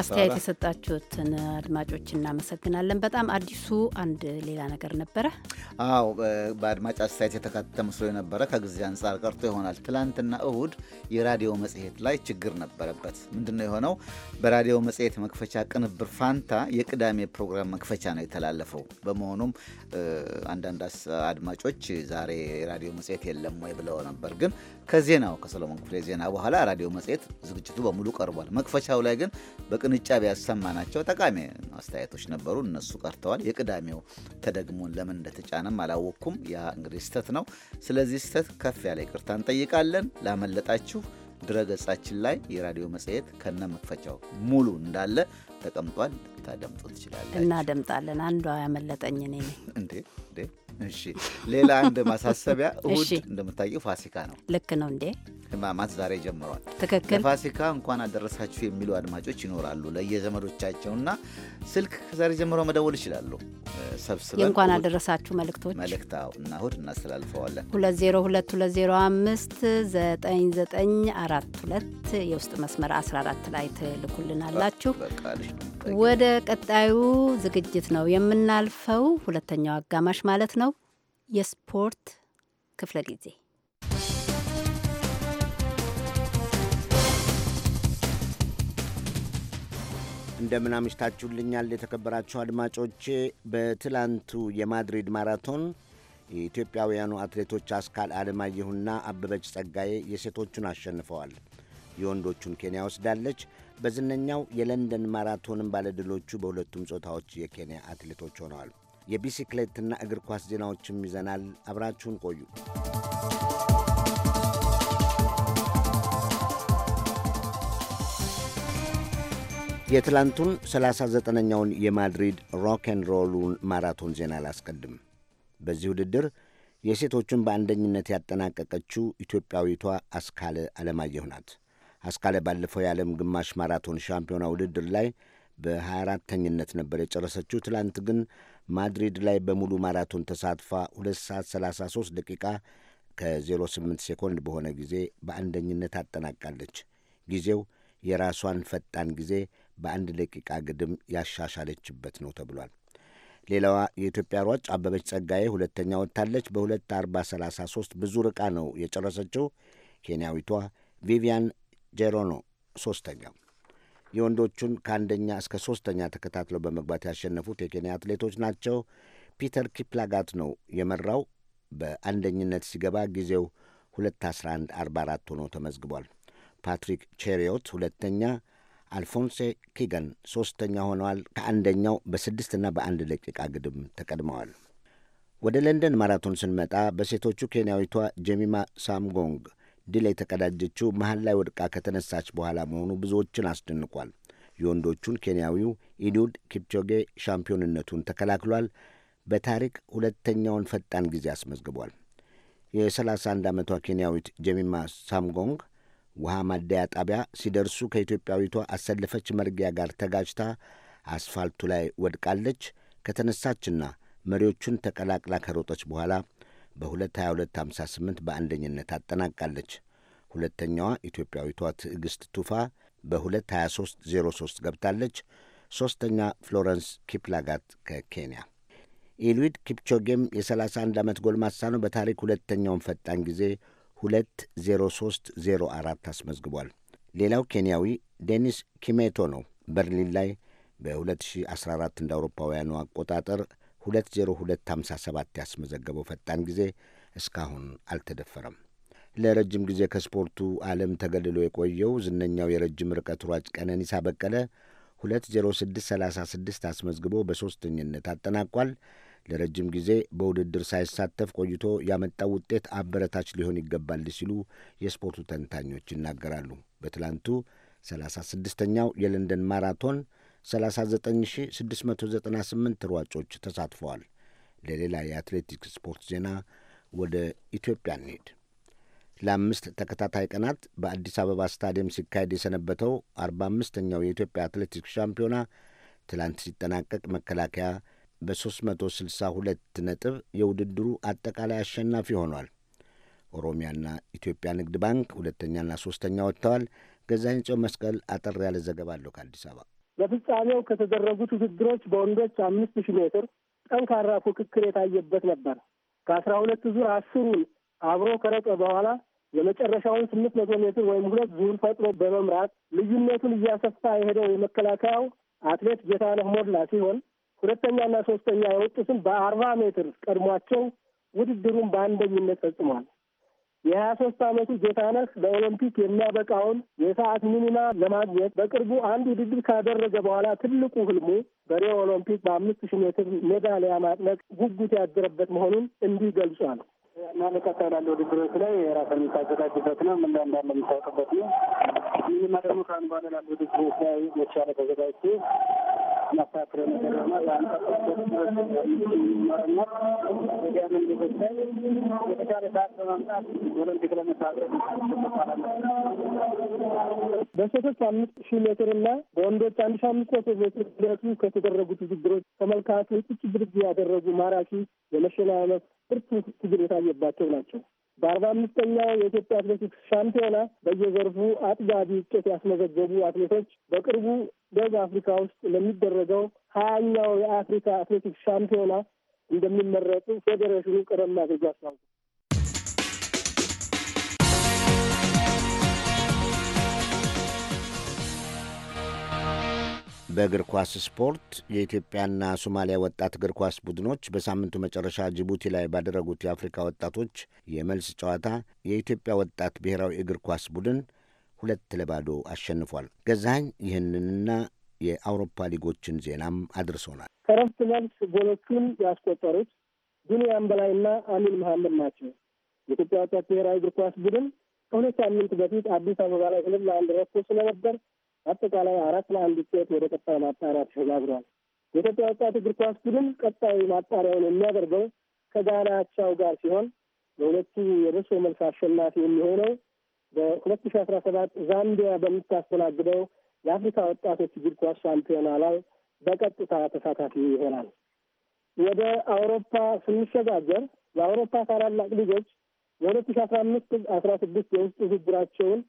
አስተያየት የሰጣችሁትን አድማጮች እናመሰግናለን። በጣም አዲሱ አንድ ሌላ ነገር ነበረ። አዎ በአድማጭ አስተያየት የተካተተ መስሎ ነበረ፣ ከጊዜ አንጻር ቀርቶ ይሆናል። ትላንትና እሁድ የራዲዮ መጽሔት ላይ ችግር ነበረበት። ምንድን ነው የሆነው? በራዲዮ መጽሔት መክፈቻ ቅንብር ፋንታ የቅዳሜ ፕሮግራም መክፈቻ ነው የተላለፈው። በመሆኑም አንዳንድ አድማጮች ዛሬ ራዲዮ መጽሔት የለም ወይ ብለው ነበር። ግን ከዜናው ከሰሎሞን ክፍሌ ዜና በኋላ ራዲዮ መጽሔት ዝግጅቱ በሙሉ ቀርቧል። መክፈቻው ላይ ግን በቅንጫ ቢያሰማናቸው ጠቃሚ አስተያየቶች ነበሩ። እነሱ ቀርተዋል። የቅዳሜው ተደግሞን ለምን እንደተጫነም አላወቅኩም። ያ እንግዲህ ስህተት ነው። ስለዚህ ስህተት ከፍ ያለ ይቅርታ እንጠይቃለን። ላመለጣችሁ ድረገጻችን ላይ የራዲዮ መጽሔት ከነ መክፈቻው ሙሉ እንዳለ ተቀምጧል። ታደምጡ ትችላለ። እናደምጣለን። አንዷ ያመለጠኝ እኔ ነኝ እንዴ? እሺ፣ ሌላ አንድ ማሳሰቢያ፣ እሁድ እንደምታየው ፋሲካ ነው። ልክ ነው እንዴ? ህማማት ዛሬ ጀምሯል። ትክክል። ለፋሲካ እንኳን አደረሳችሁ የሚሉ አድማጮች ይኖራሉ። ለየዘመዶቻቸውና ስልክ ዛሬ ጀምሮ መደወል ይችላሉ። ሰብስበ እንኳን አደረሳችሁ መልእክቶች መልእክታው እና እሁድ እናስተላልፈዋለን። 2022059942 የውስጥ መስመር 14 ላይ ትልኩልናላችሁ። ወደ ቀጣዩ ዝግጅት ነው የምናልፈው፣ ሁለተኛው አጋማሽ ማለት ነው። የስፖርት ክፍለ ጊዜ እንደምን አምሽታችሁልኛል የተከበራችሁ አድማጮቼ። በትላንቱ የማድሪድ ማራቶን የኢትዮጵያውያኑ አትሌቶች አስካል አለማየሁና አበበች ጸጋዬ የሴቶቹን አሸንፈዋል። የወንዶቹን ኬንያ ወስዳለች። በዝነኛው የለንደን ማራቶንም ባለድሎቹ በሁለቱም ጾታዎች የኬንያ አትሌቶች ሆነዋል። የቢሲክሌትና እግር ኳስ ዜናዎችም ይዘናል። አብራችሁን ቆዩ። የትላንቱን 39ኛውን የማድሪድ ን ሮሉን ማራቶን ዜና አላስቀድም። በዚህ ውድድር የሴቶቹን በአንደኝነት ያጠናቀቀችው ኢትዮጵያዊቷ አስካለ አለማየሁ ናት። አስካለ ባለፈው የዓለም ግማሽ ማራቶን ሻምፒዮና ውድድር ላይ በ24ተኝነት ነበር የጨረሰችው። ትላንት ግን ማድሪድ ላይ በሙሉ ማራቶን ተሳትፋ 2 ሰዓት 33 ደቂቃ ከ08 ሴኮንድ በሆነ ጊዜ በአንደኝነት አጠናቃለች። ጊዜው የራሷን ፈጣን ጊዜ በአንድ ደቂቃ ግድም ያሻሻለችበት ነው ተብሏል። ሌላዋ የኢትዮጵያ ሯጭ አበበች ጸጋዬ ሁለተኛ ወጥታለች። በሁለት አርባ ሰላሳ ሶስት ብዙ ርቃ ነው የጨረሰችው። ኬንያዊቷ ቪቪያን ጄሮኖ ሶስተኛ። የወንዶቹን ከአንደኛ እስከ ሶስተኛ ተከታትለው በመግባት ያሸነፉት የኬንያ አትሌቶች ናቸው። ፒተር ኪፕላጋት ነው የመራው። በአንደኝነት ሲገባ ጊዜው 2 11 44 ሆኖ ተመዝግቧል። ፓትሪክ ቼሪዮት ሁለተኛ አልፎንሴ ኪገን ሦስተኛ ሆነዋል። ከአንደኛው በስድስትና በአንድ ደቂቃ ግድም ተቀድመዋል። ወደ ለንደን ማራቶን ስንመጣ በሴቶቹ ኬንያዊቷ ጀሚማ ሳምጎንግ ድል የተቀዳጀችው መሀል ላይ ወድቃ ከተነሳች በኋላ መሆኑ ብዙዎችን አስደንቋል። የወንዶቹን ኬንያዊው ኢዱድ ኪፕቾጌ ሻምፒዮንነቱን ተከላክሏል። በታሪክ ሁለተኛውን ፈጣን ጊዜ አስመዝግቧል። የ31 ዓመቷ ኬንያዊት ጀሚማ ሳምጎንግ ውሃ ማደያ ጣቢያ ሲደርሱ ከኢትዮጵያዊቷ አሰለፈች መርጊያ ጋር ተጋጅታ አስፋልቱ ላይ ወድቃለች። ከተነሳችና መሪዎቹን ተቀላቅላ ከሮጠች በኋላ በ2:22:58 በአንደኝነት አጠናቃለች። ሁለተኛዋ ኢትዮጵያዊቷ ትዕግስት ቱፋ በ2:23:03 ገብታለች። ሦስተኛ ፍሎረንስ ኪፕላጋት ከኬንያ። ኢልዊድ ኪፕቾጌም የ31 ዓመት ጎልማሳ ነው። በታሪክ ሁለተኛውን ፈጣን ጊዜ 20304 አስመዝግቧል። ሌላው ኬንያዊ ዴኒስ ኪሜቶ ነው። በርሊን ላይ በ2014 እንደ አውሮፓውያኑ አቆጣጠር 20257 ያስመዘገበው ፈጣን ጊዜ እስካሁን አልተደፈረም። ለረጅም ጊዜ ከስፖርቱ ዓለም ተገልሎ የቆየው ዝነኛው የረጅም ርቀት ሯጭ ቀነኒሳ በቀለ 20636 አስመዝግቦ በሦስተኝነት አጠናቋል። ለረጅም ጊዜ በውድድር ሳይሳተፍ ቆይቶ ያመጣው ውጤት አበረታች ሊሆን ይገባል ሲሉ የስፖርቱ ተንታኞች ይናገራሉ። በትላንቱ 36ኛው የለንደን ማራቶን 39698 ሯጮች ተሳትፈዋል። ለሌላ የአትሌቲክስ ስፖርት ዜና ወደ ኢትዮጵያ እንሄድ። ለአምስት ተከታታይ ቀናት በአዲስ አበባ ስታዲየም ሲካሄድ የሰነበተው 45ኛው የኢትዮጵያ አትሌቲክስ ሻምፒዮና ትላንት ሲጠናቀቅ መከላከያ በ362 ነጥብ የውድድሩ አጠቃላይ አሸናፊ ሆኗል። ኦሮሚያና ኢትዮጵያ ንግድ ባንክ ሁለተኛና ሶስተኛ ወጥተዋል። ገዛኝ ጽዮን መስቀል አጠር ያለ ዘገባ አለው ከአዲስ አበባ። ለፍጻሜው ከተደረጉት ውድድሮች በወንዶች አምስት ሺህ ሜትር ጠንካራ ፉክክር የታየበት ነበር። ከአስራ ሁለት ዙር አስሩን አብሮ ከረጠ በኋላ የመጨረሻውን ስምንት መቶ ሜትር ወይም ሁለት ዙር ፈጥኖ በመምራት ልዩነቱን እያሰፋ የሄደው የመከላከያው አትሌት ጌታነህ ሞላ ሲሆን ሁለተኛና ሶስተኛ የወጡትም በአርባ ሜትር ቀድሟቸው ውድድሩን በአንደኝነት ፈጽሟል። የሀያ ሶስት ዓመቱ ጌታነህ ለኦሎምፒክ የሚያበቃውን የሰዓት ሚኒማ ለማግኘት በቅርቡ አንድ ውድድር ካደረገ በኋላ ትልቁ ህልሙ በሪዮ ኦሎምፒክ በአምስት ሺህ ሜትር ሜዳሊያ ማጥለቅ ጉጉት ያደረበት መሆኑን እንዲህ ገልጿል። እና በቀጣይ ላለ ውድድሮች ላይ የራስን የምታዘጋጅበት ነው። ምን ላይ እንዳለ የምታውቅበት ነው። ሚኒማ ደግሞ ከአሁን ላለ ውድድሮች ላይ መቻለ ተዘጋጅቼ በሴቶች አምስት ሺህ ሜትር እና በወንዶች አንድ ሺ አምስት መቶ ሜትር ድረቱ ከተደረጉት ውድድሮች ተመልካቾች እጅግ ብርግ ያደረጉ ማራኪ የመሸናነት ብርቱ ትግል የታየባቸው ናቸው። በአርባ አምስተኛው የኢትዮጵያ አትሌቲክስ ሻምፒዮና በየዘርፉ አጥጋቢ ውጤት ያስመዘገቡ አትሌቶች በቅርቡ ደቡብ አፍሪካ ውስጥ ለሚደረገው ሀያኛው የአፍሪካ አትሌቲክስ ሻምፒዮና እንደሚመረጡ ፌዴሬሽኑ ቀደም አድርጎ አስታውቋል። በእግር ኳስ ስፖርት የኢትዮጵያና ሶማሊያ ወጣት እግር ኳስ ቡድኖች በሳምንቱ መጨረሻ ጅቡቲ ላይ ባደረጉት የአፍሪካ ወጣቶች የመልስ ጨዋታ የኢትዮጵያ ወጣት ብሔራዊ እግር ኳስ ቡድን ሁለት ለባዶ አሸንፏል። ገዛኝ ይህንንና የአውሮፓ ሊጎችን ዜናም አድርሶናል። ከረፍት መልስ ጎሎቹን ያስቆጠሩት ዱንያም በላይና አሚን መሐመድ ናቸው። የኢትዮጵያ ወጣት ብሔራዊ እግር ኳስ ቡድን ከሁለት ሳምንት በፊት አዲስ አበባ ላይ ሁለት ለአንድ ረፍቶ ስለነበር አጠቃላይ አራት ለአንድ ውጤት ወደ ቀጣይ ማጣሪያ ተሸጋግሯል። የኢትዮጵያ ወጣት እግር ኳስ ቡድን ቀጣይ ማጣሪያውን የሚያደርገው ከጋና አቻው ጋር ሲሆን በሁለቱ የበሶ መልስ አሸናፊ የሚሆነው በሁለት ሺ አስራ ሰባት ዛምቢያ በምታስተናግደው የአፍሪካ ወጣቶች እግር ኳስ ሻምፒዮና ላይ በቀጥታ ተሳታፊ ይሆናል። ወደ አውሮፓ ስንሸጋገር የአውሮፓ ታላላቅ ልጆች የሁለት ሺ አስራ አምስት አስራ ስድስት የውስጥ ውድድራቸውን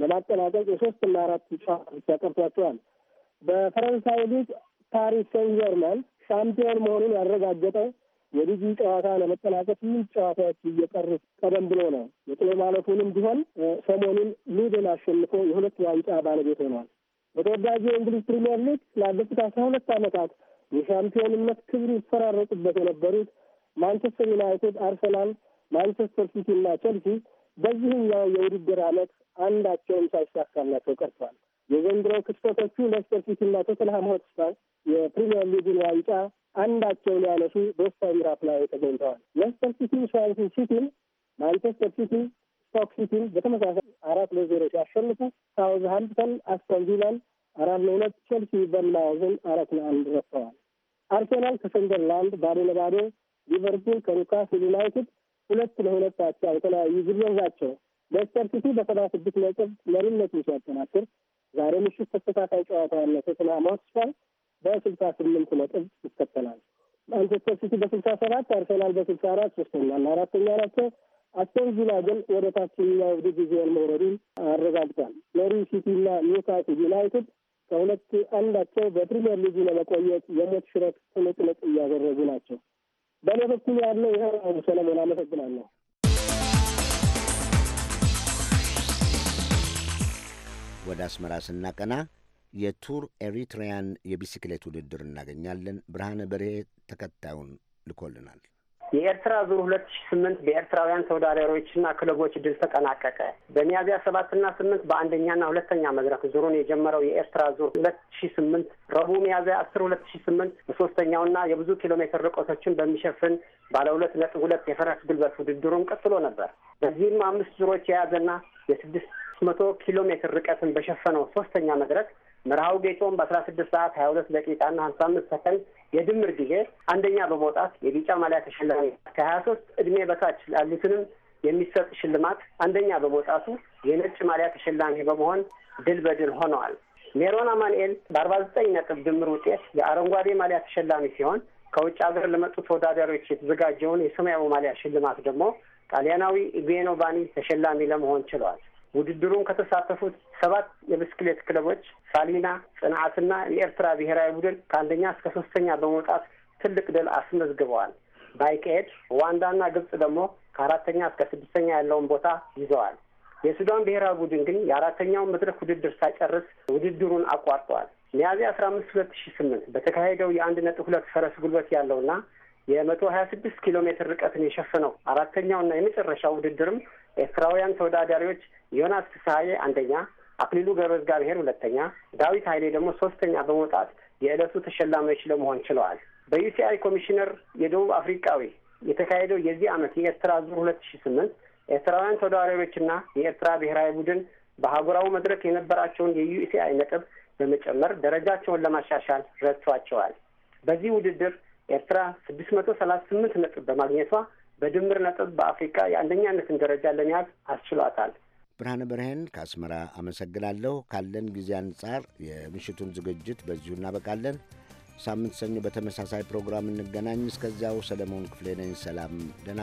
ለማጠናቀቅ የሶስትና አራት ጨዋታ ብቻ ቀርቷቸዋል። በፈረንሳይ ሊግ ፓሪስ ሴን ጀርመን ሻምፒዮን መሆኑን ያረጋገጠው የልጁ ጨዋታ ለመጠናቀቅ ስምንት ጨዋታዎች እየቀሩት ቀደም ብሎ ነው። የጥሎ ማለፉንም ቢሆን ሰሞኑን ሊድን አሸንፎ የሁለት ዋንጫ ባለቤት ሆኗል። በተወዳጁ የእንግሊዝ ፕሪምየር ሊግ ላለፉት አስራ ሁለት ዓመታት የሻምፒዮንነት ክብር ይፈራረቁበት የነበሩት ማንቸስተር ዩናይትድ፣ አርሰናል፣ ማንቸስተር ሲቲ እና ቸልሲ በዚህኛው የውድድር ዓመት አንዳቸውም ሳይሳካላቸው ቀርቷል። የዘንድሮ ክስተቶቹ ሌስተር ሲቲና ቶተንሃም ሆትስፐር የፕሪሚየር ሊግን ዋንጫ አንዳቸው ሊያነሱ በወሳኝ ምዕራፍ ላይ ተገኝተዋል። ሌስተር ሲቲ ስዋንሲ ሲቲን፣ ማንቸስተር ሲቲ ስቶክ ሲቲን በተመሳሳይ አራት ለዜሮ ሲያሸንፉ ሳውዝ ሃምፕተን አስቶን ቪላን አራት ለሁለት፣ ቼልሲ በርንማውዝን አራት ለአንድ ረትተዋል። አርሴናል ከሰንደርላንድ ባዶ ለባዶ፣ ሊቨርፑል ከኒውካስል ዩናይትድ ሁለት ለሁለት አቻ የተለያዩ ግቦዛቸው ሌስተር ሲቲ በሰባ ስድስት ነጥብ መሪነቱን ሲያጠናክር ዛሬ ምሽት ተስተካካይ ጨዋታ ያለው ቶተንሃም ሆትስፐር በስልሳ ስምንት ነጥብ ይከተላል። ማንቸስተር ሲቲ በስልሳ ሰባት አርሰናል በስልሳ አራት ሶስተኛና አራተኛ ናቸው። አስተን ቪላ ግን ወደ ታችኛው ዲቪዚዮን መውረዱን አረጋግጧል። መሪ ሲቲ ሲቲና ኒውካስል ዩናይትድ ከሁለት አንዳቸው በፕሪሚየር ሊጉ ለመቆየት የሞት ሽረት ትንቅንቅ እያደረጉ ናቸው። በእኔ በኩል ያለው ይኸው ነው። ሰለሞን አመሰግናለሁ። ወደ አስመራ ስናቀና የቱር ኤሪትሪያን የቢስክሌት ውድድር እናገኛለን። ብርሃነ በርሄ ተከታዩን ልኮልናል። የኤርትራ ዙር ሁለት ሺ ስምንት በኤርትራውያን ተወዳዳሪዎችና ክለቦች ድል ተጠናቀቀ። በሚያዝያ ሰባትና ስምንት በአንደኛና ሁለተኛ መድረክ ዙሩን የጀመረው የኤርትራ ዙር ሁለት ሺ ስምንት ረቡዕ ሚያዝያ አስር ሁለት ሺ ስምንት በሶስተኛውና የብዙ ኪሎ ሜትር ርቀቶችን በሚሸፍን ባለ ሁለት ነጥብ ሁለት የፈረስ ግልበት ውድድሩን ቀጥሎ ነበር። በዚህም አምስት ዙሮች የያዘና የስድስት መቶ ኪሎ ሜትር ርቀትን በሸፈነው ሶስተኛ መድረክ መርሃው ጌቶን በአስራ ስድስት ሰዓት ሀያ ሁለት ና ሀምሳ አምስት ሰከንድ የድምር ጊዜ አንደኛ በመውጣት የቢጫ ማሊያ ተሸላሚ ከሀያ ሶስት እድሜ በታች ላሉትንም የሚሰጥ ሽልማት አንደኛ በመውጣቱ የነጭ ማሊያ ተሸላሚ በመሆን ድል በድል ሆነዋል። ሜሮን አማንኤል በአርባ ዘጠኝ ነጥብ ድምር ውጤት የአረንጓዴ ማሊያ ተሸላሚ ሲሆን ከውጭ ሀገር ለመጡ ተወዳዳሪዎች የተዘጋጀውን የሰማያዊ ማሊያ ሽልማት ደግሞ ጣሊያናዊ ኢጉኖ ባኒ ተሸላሚ ለመሆን ችለዋል። ውድድሩን ከተሳተፉት ሰባት የብስክሌት ክለቦች ሳሊና፣ ጽንዓትና የኤርትራ ብሔራዊ ቡድን ከአንደኛ እስከ ሶስተኛ በመውጣት ትልቅ ድል አስመዝግበዋል። ባይክኤድ ሩዋንዳና ግብጽ ደግሞ ከአራተኛ እስከ ስድስተኛ ያለውን ቦታ ይዘዋል። የሱዳን ብሔራዊ ቡድን ግን የአራተኛውን መድረክ ውድድር ሳይጨርስ ውድድሩን አቋርጠዋል። ሚያዝያ አስራ አምስት ሁለት ሺ ስምንት በተካሄደው የአንድ ነጥብ ሁለት ፈረስ ጉልበት ያለውና የመቶ ሀያ ስድስት ኪሎ ሜትር ርቀትን የሸፈነው አራተኛውና የመጨረሻው ውድድርም ኤርትራውያን ተወዳዳሪዎች ዮናስ ፍስሀዬ አንደኛ፣ አክሊሉ ገብረ እግዚአብሔር ሁለተኛ፣ ዳዊት ኃይሌ ደግሞ ሶስተኛ በመውጣት የዕለቱ ተሸላሚዎች ለመሆን ችለዋል። በዩሲአይ ኮሚሽነር የደቡብ አፍሪቃዊ የተካሄደው የዚህ ዓመት የኤርትራ ዙር ሁለት ሺ ስምንት ኤርትራውያን ተወዳዳሪዎችና የኤርትራ ብሔራዊ ቡድን በአህጉራዊ መድረክ የነበራቸውን የዩሲአይ ነጥብ በመጨመር ደረጃቸውን ለማሻሻል ረድቷቸዋል። በዚህ ውድድር ኤርትራ ስድስት መቶ ሰላሳ ስምንት ነጥብ በማግኘቷ በድምር ነጥብ በአፍሪካ የአንደኛነትን ደረጃ ለመያዝ አስችሏታል። ብርሃነ ብርሄን ከአስመራ አመሰግናለሁ። ካለን ጊዜ አንጻር የምሽቱን ዝግጅት በዚሁ እናበቃለን። ሳምንት ሰኞ በተመሳሳይ ፕሮግራም እንገናኝ። እስከዚያው ሰለሞን ክፍሌ ነኝ። ሰላም፣ ደህና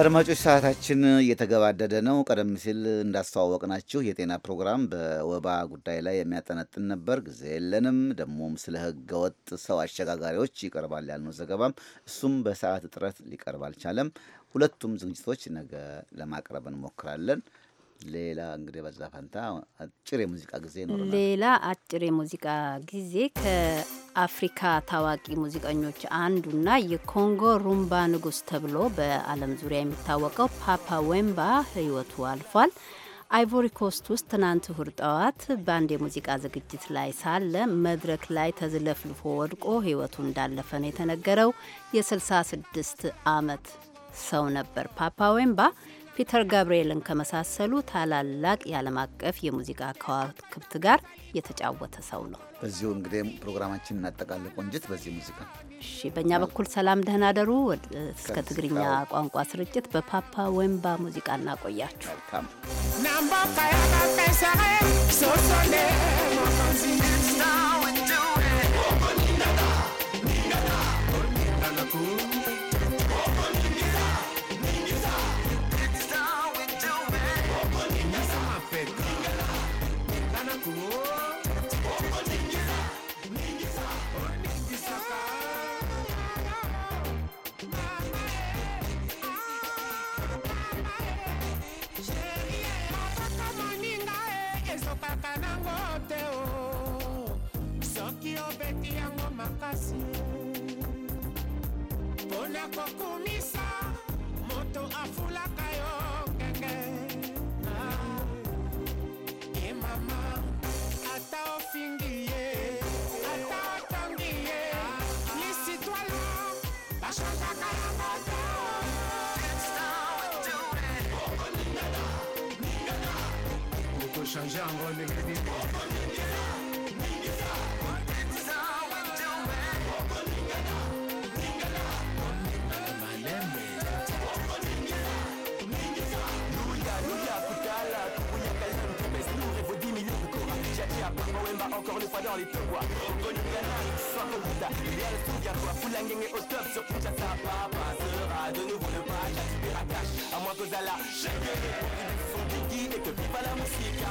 አድማጮች ሰዓታችን እየተገባደደ ነው። ቀደም ሲል እንዳስተዋወቅናችሁ የጤና ፕሮግራም በወባ ጉዳይ ላይ የሚያጠነጥን ነበር። ጊዜ የለንም። ደግሞም ስለ ወጥ ሰው አሸጋጋሪዎች ይቀርባል ያልነው ዘገባም እሱም በሰዓት እጥረት ሊቀርብ አልቻለም። ሁለቱም ዝግጅቶች ነገ ለማቅረብ እንሞክራለን። ሌላ እንግዲህ በዛ ፈንታ አጭር የሙዚቃ ጊዜ ነው። ሌላ አጭር የሙዚቃ ጊዜ ከአፍሪካ ታዋቂ ሙዚቀኞች አንዱና የኮንጎ ሩምባ ንጉሥ ተብሎ በዓለም ዙሪያ የሚታወቀው ፓፓ ዌምባ ሕይወቱ አልፏል። አይቮሪ ኮስት ውስጥ ትናንት እሁድ ጠዋት በአንድ የሙዚቃ ዝግጅት ላይ ሳለ መድረክ ላይ ተዝለፍልፎ ወድቆ ሕይወቱ እንዳለፈ ነው የተነገረው። የ66 ዓመት ሰው ነበር ፓፓ ዌምባ ፒተር ጋብርኤልን ከመሳሰሉ ታላላቅ የዓለም አቀፍ የሙዚቃ ከዋክብት ጋር የተጫወተ ሰው ነው። በዚሁ እንግዲህ ፕሮግራማችን እናጠቃለ። ቆንጅት፣ በዚህ ሙዚቃ እሺ። በእኛ በኩል ሰላም፣ ደህና ደሩ። እስከ ትግርኛ ቋንቋ ስርጭት በፓፓ ወንባ ሙዚቃ እናቆያችሁ። yako kuu sans les pouvoirs Reconnu canal, sans computa Derrière le souga toi, foule la gang est au top Sur Kinshasa, papa sera de nouveau le match Aspira cash, à moins que Zala Son Kiki et que viva la musica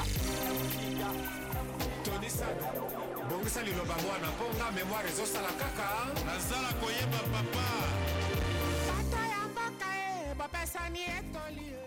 tonisana bongisa liloba mwana mponga memoire ezosala kaka nazala koyeba papa bato ya mboka e bapesani etoli